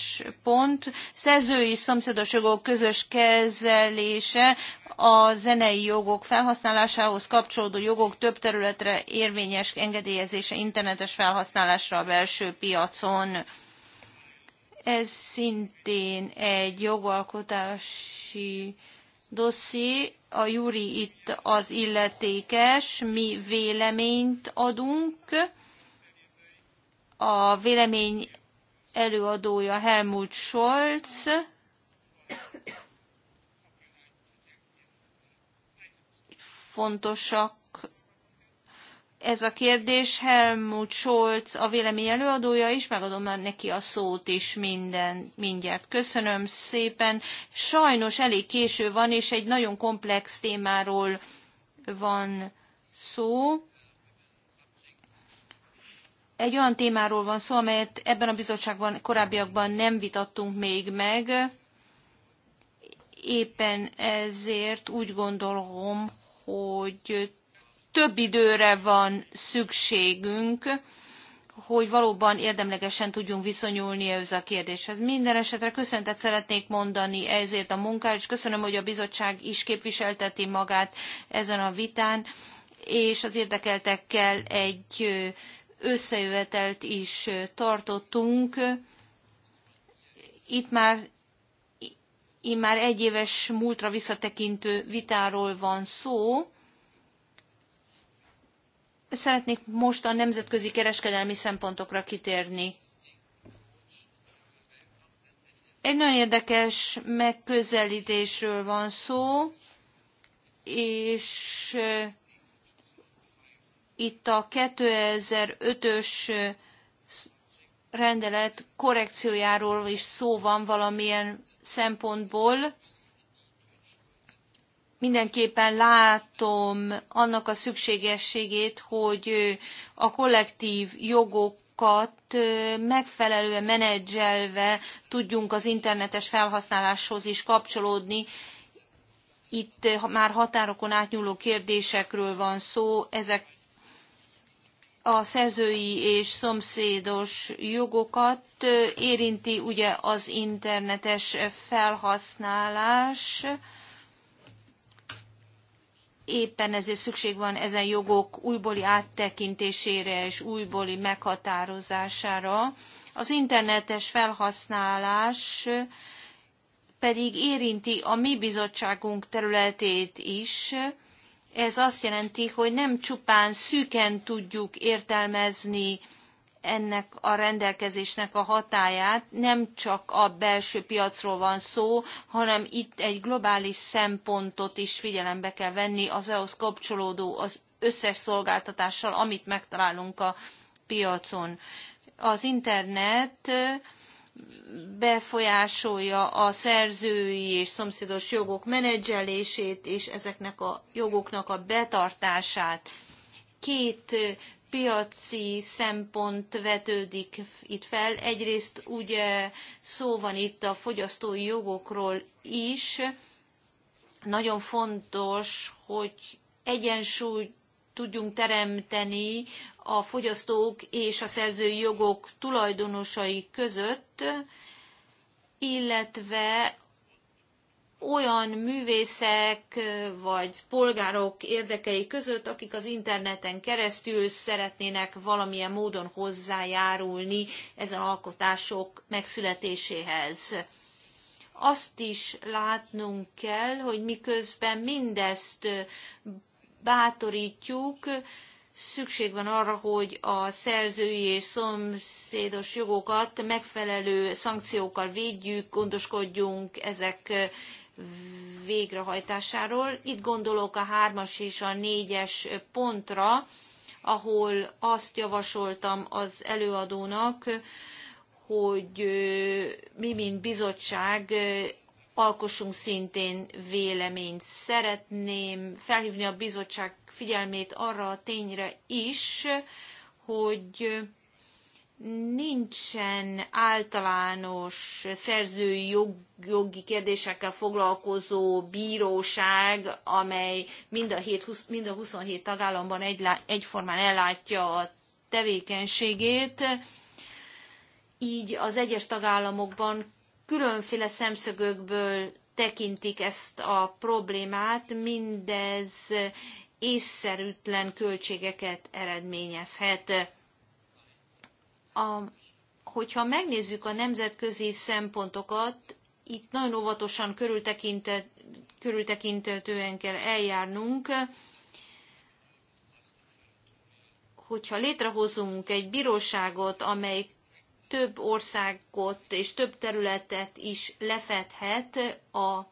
S5: pont, szerzői szomszédos jogok közös kezelése, a zenei jogok felhasználásához kapcsolódó jogok több területre érvényes engedélyezése internetes felhasználásra a belső piacon. Ez szintén egy jogalkotási dosszié, a Júri itt az illetékes, mi véleményt adunk. A vélemény előadója Helmut Scholz. Fontosak ez a kérdés Helmut Scholz a vélemény előadója is, megadom már neki a szót is minden, mindjárt. Köszönöm szépen. Sajnos elég késő van, és egy nagyon komplex témáról van szó. Egy olyan témáról van szó, amelyet ebben a bizottságban korábbiakban nem vitattunk még meg. Éppen ezért úgy gondolom, hogy több időre van szükségünk, hogy valóban érdemlegesen tudjunk viszonyulni ehhez a kérdéshez. Minden esetre köszöntet szeretnék mondani ezért a munkát, és köszönöm, hogy a bizottság is képviselteti magát ezen a vitán, és az érdekeltekkel egy összejövetelt is tartottunk. Itt már már egy éves múltra visszatekintő vitáról van szó, Szeretnék most a nemzetközi kereskedelmi szempontokra kitérni. Egy nagyon érdekes megközelítésről van szó, és itt a 2005-ös rendelet korrekciójáról is szó van valamilyen szempontból mindenképpen látom annak a szükségességét, hogy a kollektív jogok megfelelően menedzselve tudjunk az internetes felhasználáshoz is kapcsolódni. Itt már határokon átnyúló kérdésekről van szó, ezek a szerzői és szomszédos jogokat érinti ugye az internetes felhasználás éppen ezért szükség van ezen jogok újbóli áttekintésére és újbóli meghatározására. Az internetes felhasználás pedig érinti a mi bizottságunk területét is. Ez azt jelenti, hogy nem csupán szűken tudjuk értelmezni ennek a rendelkezésnek a hatáját. Nem csak a belső piacról van szó, hanem itt egy globális szempontot is figyelembe kell venni az ahhoz e kapcsolódó az összes szolgáltatással, amit megtalálunk a piacon. Az internet befolyásolja a szerzői és szomszédos jogok menedzselését és ezeknek a jogoknak a betartását. Két piaci szempont vetődik itt fel. Egyrészt ugye szó van itt a fogyasztói jogokról is. Nagyon fontos, hogy egyensúly tudjunk teremteni a fogyasztók és a szerzői jogok tulajdonosai között, illetve olyan művészek vagy polgárok érdekei között, akik az interneten keresztül szeretnének valamilyen módon hozzájárulni ezen alkotások megszületéséhez. Azt is látnunk kell, hogy miközben mindezt bátorítjuk, szükség van arra, hogy a szerzői és szomszédos jogokat megfelelő szankciókkal védjük, gondoskodjunk ezek végrehajtásáról. Itt gondolok a hármas és a négyes pontra, ahol azt javasoltam az előadónak, hogy mi, mint bizottság, alkossunk szintén véleményt. Szeretném felhívni a bizottság figyelmét arra a tényre is, hogy nincsen általános szerzői jog, jogi kérdésekkel foglalkozó bíróság, amely mind a, 7, 20, mind a 27 tagállamban egy, egyformán ellátja a tevékenységét. Így az egyes tagállamokban különféle szemszögökből tekintik ezt a problémát, mindez észszerűtlen költségeket eredményezhet a, hogyha megnézzük a nemzetközi szempontokat, itt nagyon óvatosan körültekintet, körültekintetően kell eljárnunk, hogyha létrehozunk egy bíróságot, amely több országot és több területet is lefedhet a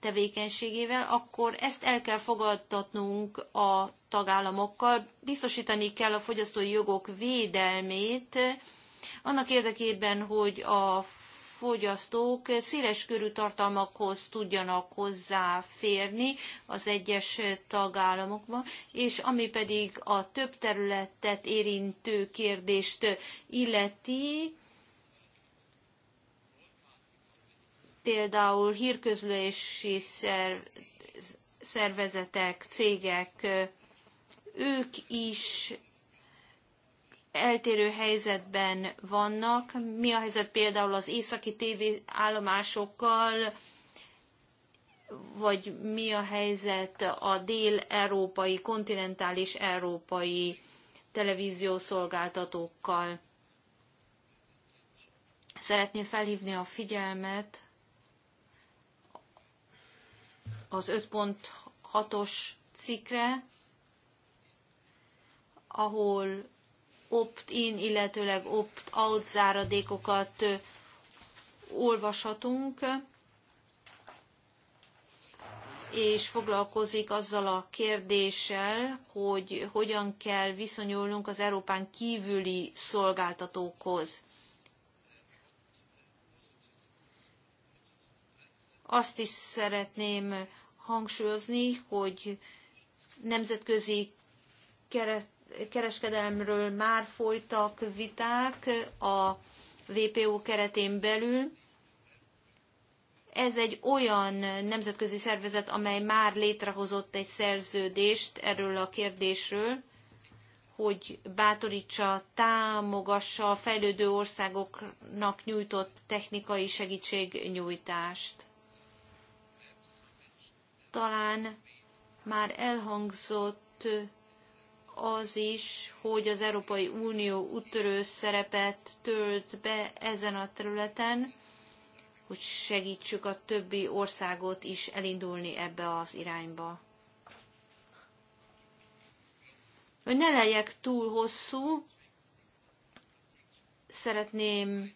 S5: tevékenységével, akkor ezt el kell fogadtatnunk a tagállamokkal, biztosítani kell a fogyasztói jogok védelmét, annak érdekében, hogy a fogyasztók széles körű tartalmakhoz tudjanak hozzáférni az egyes tagállamokban, és ami pedig a több területet érintő kérdést illeti, például hírközlési szervezetek, cégek, ők is eltérő helyzetben vannak. Mi a helyzet például az északi állomásokkal, vagy mi a helyzet a dél-európai, kontinentális európai televíziószolgáltatókkal. Szeretném felhívni a figyelmet az 5.6-os cikkre, ahol opt-in, illetőleg opt-out záradékokat olvashatunk, és foglalkozik azzal a kérdéssel, hogy hogyan kell viszonyulnunk az Európán kívüli szolgáltatókhoz. Azt is szeretném hangsúlyozni, hogy nemzetközi kereskedelmről kereskedelemről már folytak viták a WPO keretén belül. Ez egy olyan nemzetközi szervezet, amely már létrehozott egy szerződést erről a kérdésről, hogy bátorítsa, támogassa a fejlődő országoknak nyújtott technikai segítségnyújtást. Talán már elhangzott az is, hogy az Európai Unió úttörő szerepet tölt be ezen a területen, hogy segítsük a többi országot is elindulni ebbe az irányba. Hogy ne legyek túl hosszú, szeretném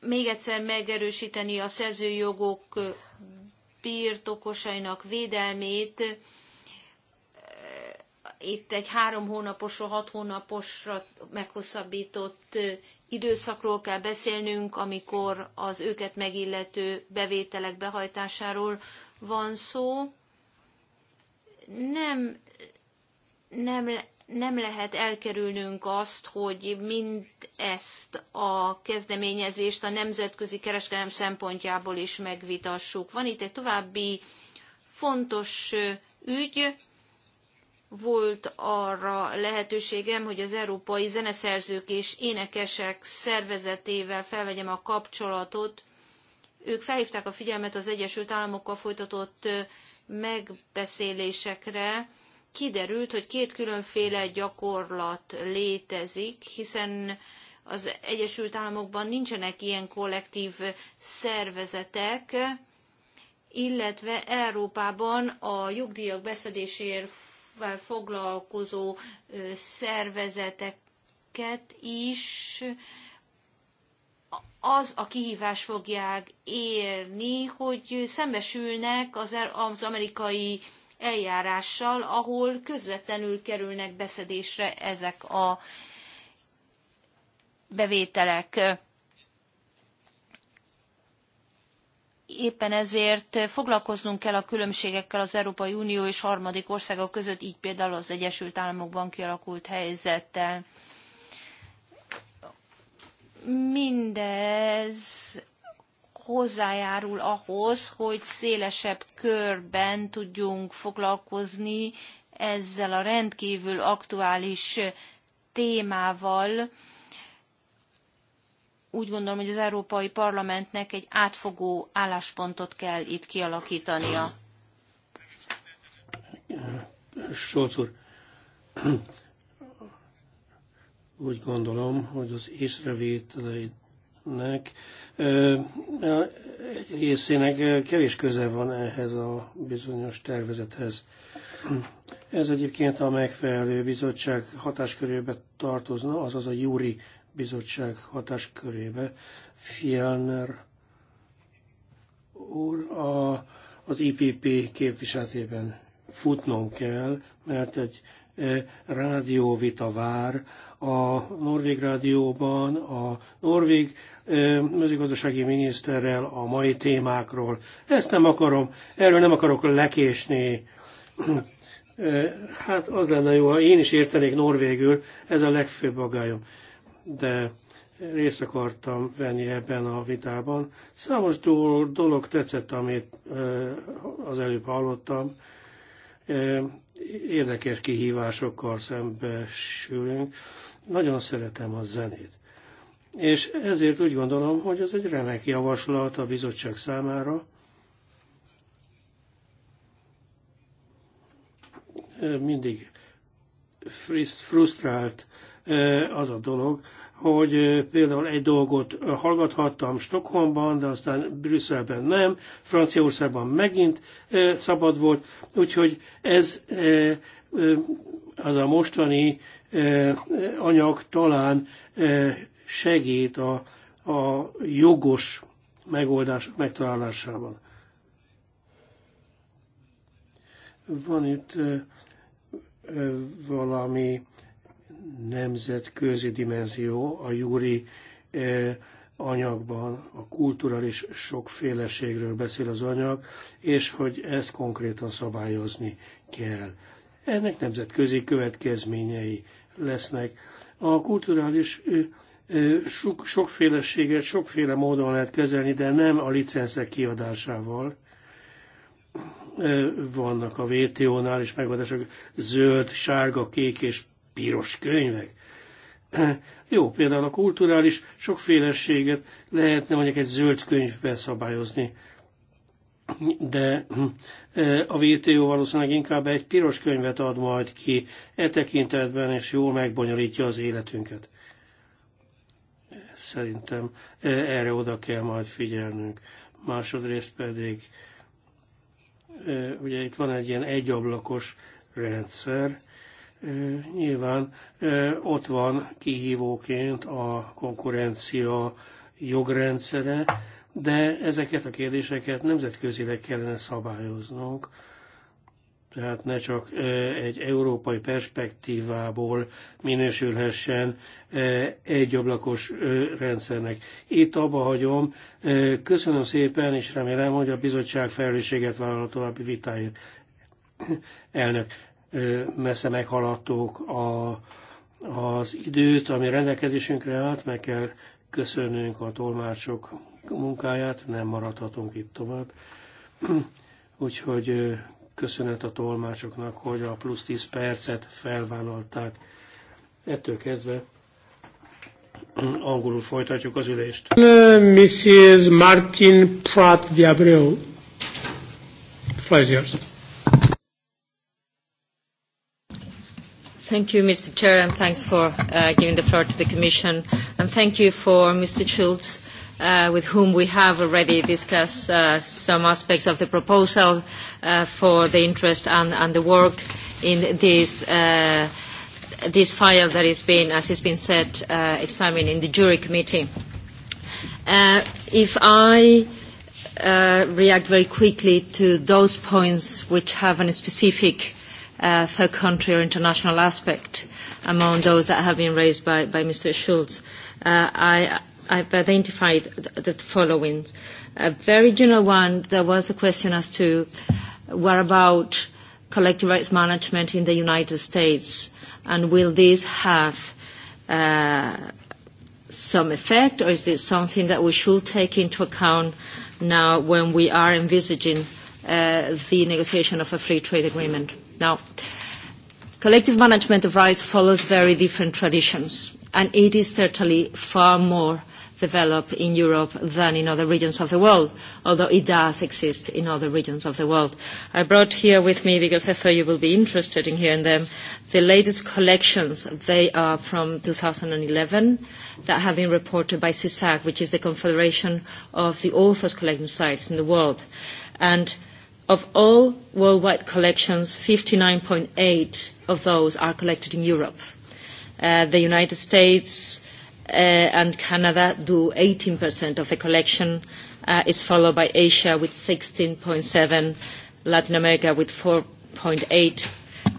S5: még egyszer megerősíteni a szerzőjogok birtokosainak védelmét itt egy három hónaposra, hat hónaposra meghosszabbított időszakról kell beszélnünk, amikor az őket megillető bevételek behajtásáról van szó. Nem, nem nem lehet elkerülnünk azt, hogy mind ezt a kezdeményezést a nemzetközi kereskedelem szempontjából is megvitassuk. Van itt egy további fontos ügy, volt arra lehetőségem, hogy az európai zeneszerzők és énekesek szervezetével felvegyem a kapcsolatot. Ők felhívták a figyelmet az Egyesült Államokkal folytatott megbeszélésekre, kiderült, hogy két különféle gyakorlat létezik, hiszen az Egyesült Államokban nincsenek ilyen kollektív szervezetek, illetve Európában a jogdíjak beszedéséért foglalkozó szervezeteket is az a kihívás fogják érni, hogy szembesülnek az amerikai eljárással, ahol közvetlenül kerülnek beszedésre ezek a bevételek. éppen ezért foglalkoznunk kell a különbségekkel az Európai Unió és harmadik országok között, így például az Egyesült Államokban kialakult helyzettel. Mindez hozzájárul ahhoz, hogy szélesebb körben tudjunk foglalkozni ezzel a rendkívül aktuális témával. Úgy gondolom, hogy az Európai Parlamentnek egy átfogó álláspontot kell itt kialakítania.
S4: Solc úr, úgy gondolom, hogy az észrevételeid nek egy részének kevés köze van ehhez a bizonyos tervezethez. Ez egyébként a megfelelő bizottság hatáskörébe tartozna, azaz a Júri bizottság hatáskörébe. Fielner úr a, az IPP képviseletében futnom kell, mert egy rádióvita vár a Norvég rádióban, a Norvég mezőgazdasági miniszterrel a mai témákról. Ezt nem akarom, erről nem akarok lekésni. Hát az lenne jó, ha én is értenék norvégül, ez a legfőbb agályom. De részt akartam venni ebben a vitában. Számos dolog tetszett, amit az előbb hallottam. Érdekes kihívásokkal szembesülünk. Nagyon szeretem a zenét. És ezért úgy gondolom, hogy ez egy remek javaslat a bizottság számára. Mindig frusztrált az a dolog, hogy például egy dolgot hallgathattam Stockholmban, de aztán Brüsszelben nem, Franciaországban megint szabad volt, úgyhogy ez az a mostani anyag talán segít a, a jogos megoldások megtalálásában. Van itt valami nemzetközi dimenzió a júri eh, anyagban, a kulturális sokféleségről beszél az anyag, és hogy ezt konkrétan szabályozni kell. Ennek nemzetközi következményei lesznek. A kulturális sok, sokféleséget sokféle módon lehet kezelni, de nem a licenszek kiadásával. Vannak a WTO-nál is megoldások, zöld, sárga, kék és piros könyvek. Jó, például a kulturális sokféleséget lehetne mondjuk egy zöld könyvbe szabályozni, de eh, a VTO valószínűleg inkább egy piros könyvet ad majd ki e tekintetben, és jól megbonyolítja az életünket. Szerintem eh, erre oda kell majd figyelnünk. Másodrészt pedig, eh, ugye itt van egy ilyen egyablakos rendszer, nyilván ott van kihívóként a konkurencia jogrendszere, de ezeket a kérdéseket nemzetközileg kellene szabályoznunk, tehát ne csak egy európai perspektívából minősülhessen egy ablakos rendszernek. Itt abba hagyom. Köszönöm szépen, és remélem, hogy a bizottság felelősséget vállal a további vitáért. Elnök, messze meghaladtuk a, az időt, ami rendelkezésünkre állt, meg kell köszönnünk a tolmácsok munkáját, nem maradhatunk itt tovább. Úgyhogy köszönet a tolmácsoknak, hogy a plusz 10 percet felvállalták. Ettől kezdve angolul folytatjuk az ülést.
S2: Mrs. Martin Pratt de Abreu. is yours.
S6: Thank you, Mr. Chair, and thanks for uh, giving the floor to the Commission. And thank you for Mr. Schultz, uh, with whom we have already discussed uh, some aspects of the proposal uh, for the interest and, and the work in this, uh, this file that has been, as has been said, uh, examined in the jury committee. Uh, if I uh, react very quickly to those points which have a specific uh, third country or international aspect among those that have been raised by, by Mr. Schulz. Uh, I, I've identified the, the following. A very general one, there was a question as to what about collective rights management in the United States and will this have uh, some effect or is this something that we should take into account now when we are envisaging uh, the negotiation of a free trade agreement? Now, collective management of rice follows very different traditions, and it is certainly far more developed in Europe than in other regions of the world, although it does exist in other regions of the world. I brought here with me, because I thought you will be interested in hearing them, the latest collections. They are from 2011 that have been reported by CISAC, which is the Confederation of the Authors Collecting Sites in the World. And Of all worldwide collections, 59.8 of those are collected in Europe. Uh, the United States uh, and Canada do 18% of the collection, uh, is followed by Asia with 16.7, Latin America with 4.8,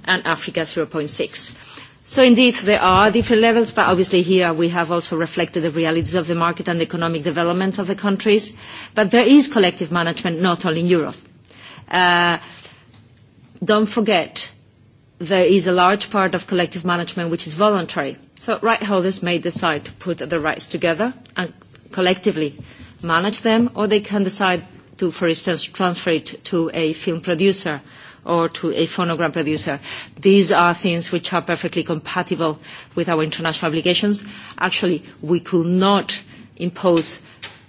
S6: and Africa 0.6. So indeed, there are different levels, but obviously here we have also reflected the realities of the market and the economic development of the countries. But there is collective management not only in Europe. Uh, don't forget, there is a large part of collective management which is voluntary. So right holders may decide to put the rights together and collectively manage them, or they can decide to, for instance, transfer it to a film producer or to a phonogram producer. These are things which are perfectly compatible with our international obligations. Actually, we could not impose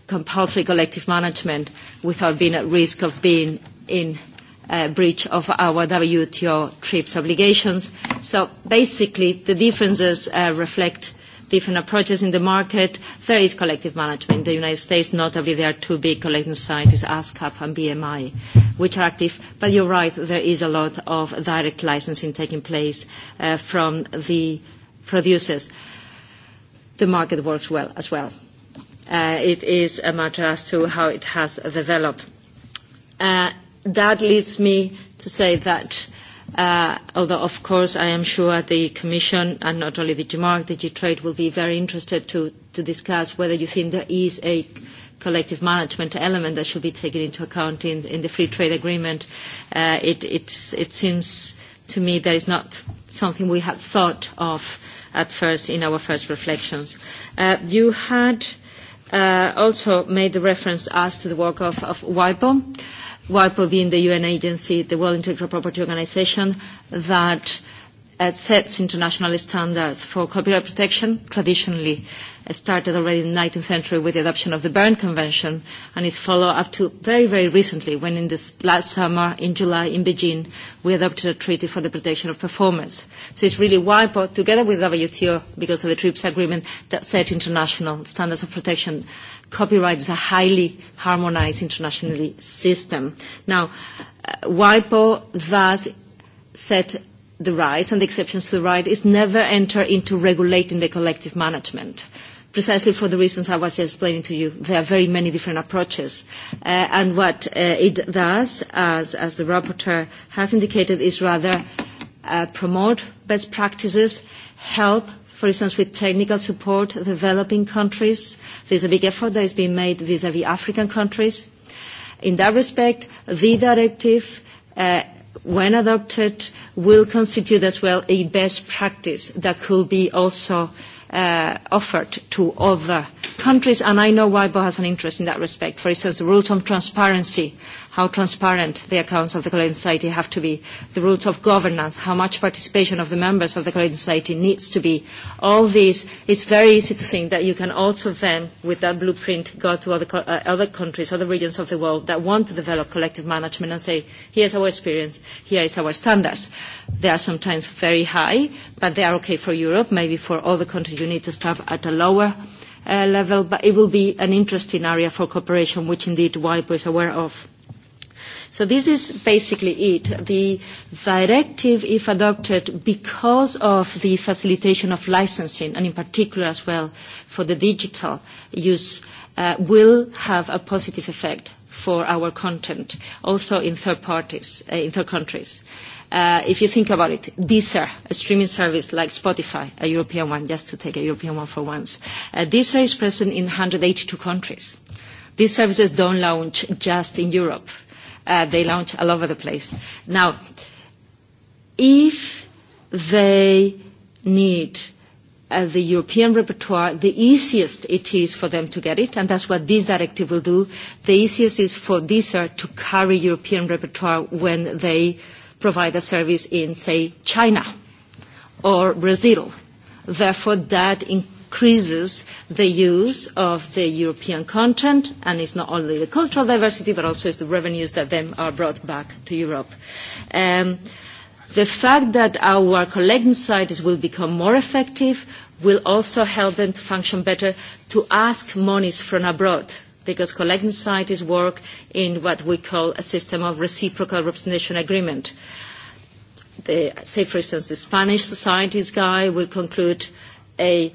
S6: compulsory collective management without being at risk of being in uh, breach of our WTO TRIPS obligations. So basically, the differences uh, reflect different approaches in the market. There is collective management. In the United States, notably, there are two big collecting societies, ASCAP and BMI, which are active. But you're right, there is a lot of direct licensing taking place uh, from the producers. The market works well as well. it is a matter as to how it has developed that leads me to say that, uh, although of course I am sure the Commission and not only the GMARC, the G-Trade will be very interested to, to discuss whether you think there is a collective management element that should be taken into account in, in the free trade agreement. Uh, it, it's, it seems to me that is not something we had thought of at first in our first reflections. Uh, you had uh, also made the reference as to the work of, of WIPO. WIPO being the UN agency, the World Intellectual Property Organization, that uh, sets international standards for copyright protection, traditionally uh, started already in the 19th century with the adoption of the Berne Convention and is followed up to very, very recently when in this last summer in July in Beijing we adopted a treaty for the protection of performance. So it's really WIPO together with WTO because of the TRIPS agreement that set international standards of protection copyright is a highly harmonized internationally system. Now, uh, WIPO thus set the rights and the exceptions to the right is never enter into regulating the collective management. Precisely for the reasons I was explaining to you, there are very many different approaches. Uh, and what uh, it does, as, as the rapporteur has indicated, is rather uh, promote best practices, help for instance, with technical support, developing countries. There's a big effort that is being made vis-à-vis African countries. In that respect, the directive, uh, when adopted, will constitute as well a best practice that could be also uh, offered to other countries, and I know WIPO has an interest in that respect. For instance, the rules on transparency how transparent the accounts of the Collegium Society have to be, the rules of governance, how much participation of the members of the Collegium Society needs to be. All these, it's very easy to think that you can also then, with that blueprint, go to other, uh, other countries, other regions of the world that want to develop collective management and say, here's our experience, here is our standards. They are sometimes very high, but they are okay for Europe. Maybe for other countries you need to start at a lower uh, level, but it will be an interesting area for cooperation, which indeed WIPO is aware of. So this is basically it. The directive, if adopted because of the facilitation of licensing, and in particular as well for the digital use, uh, will have a positive effect for our content, also in third parties, uh, in third countries. Uh, if you think about it, Deezer, a streaming service like Spotify, a European one, just to take a European one for once, uh, Deezer is present in 182 countries. These services don't launch just in Europe uh, they launch all over the place. Now, if they need uh, the European repertoire, the easiest it is for them to get it, and that's what this directive will do. The easiest is for DISA to carry European repertoire when they provide a service in, say, China or Brazil. Therefore, that in increases the use of the European content, and it's not only the cultural diversity, but also it's the revenues that then are brought back to Europe. Um, the fact that our collecting societies will become more effective will also help them to function better to ask monies from abroad because collecting societies work in what we call a system of reciprocal representation agreement. The, say, for instance, the Spanish Societies guy will conclude a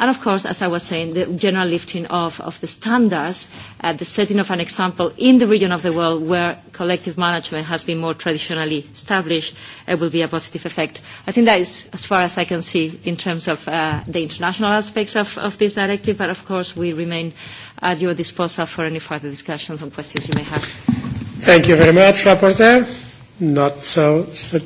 S6: And of course, as I was saying, the general lifting of, of the standards, uh, the setting of an example in the region of the world where collective management has been more traditionally established uh, will be a positive effect. I think that is as far as I can see in terms of uh, the international aspects of, of this directive, but of course we remain at your disposal for any further discussions and questions you may have. Thank you very
S2: much, Rapporteur. Not so, so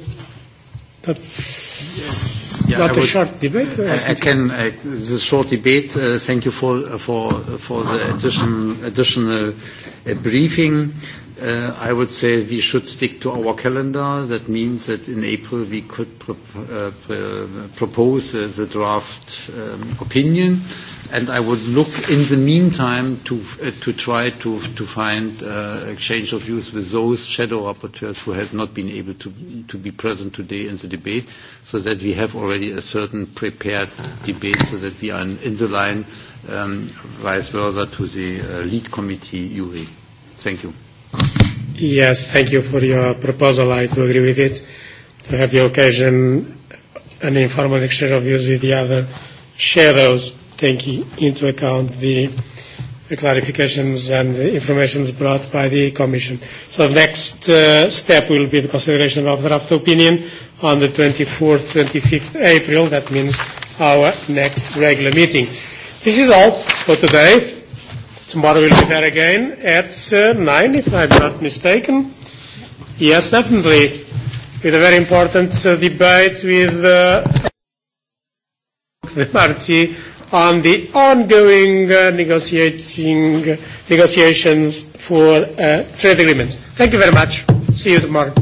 S2: That's yeah, not I a would, short debate. I, I can
S3: uh, the short debate. Uh, thank you for uh, for uh, for the addition, additional uh, briefing. Uh, I would say we should stick to our calendar. That means that in April we could pro uh, uh propose uh, the draft um, opinion, and I would look in the meantime to uh, to try to to find uh, exchange of views with those shadow rapporteurs who have not been able to to be present today in the debate, so that we have already a certain prepared debate, so that we are in, the line, um, vice versa to the lead committee, URI. Thank you.
S2: Yes, thank you for your proposal. I do agree with it. To have the occasion, an informal exchange of views with the other shadows, taking into account the, the clarifications and the informations brought by the Commission. So the next uh, step will be the consideration of the draft opinion on the 24th, 25th April. That means our next regular meeting. This is all for today. Tomorrow we'll be there again at uh, 9, if I'm not mistaken. Yes, definitely. With a very important uh, debate with uh, party on the ongoing uh, negotiating uh, negotiations for a uh, trade agreement. Thank you very much. See you tomorrow.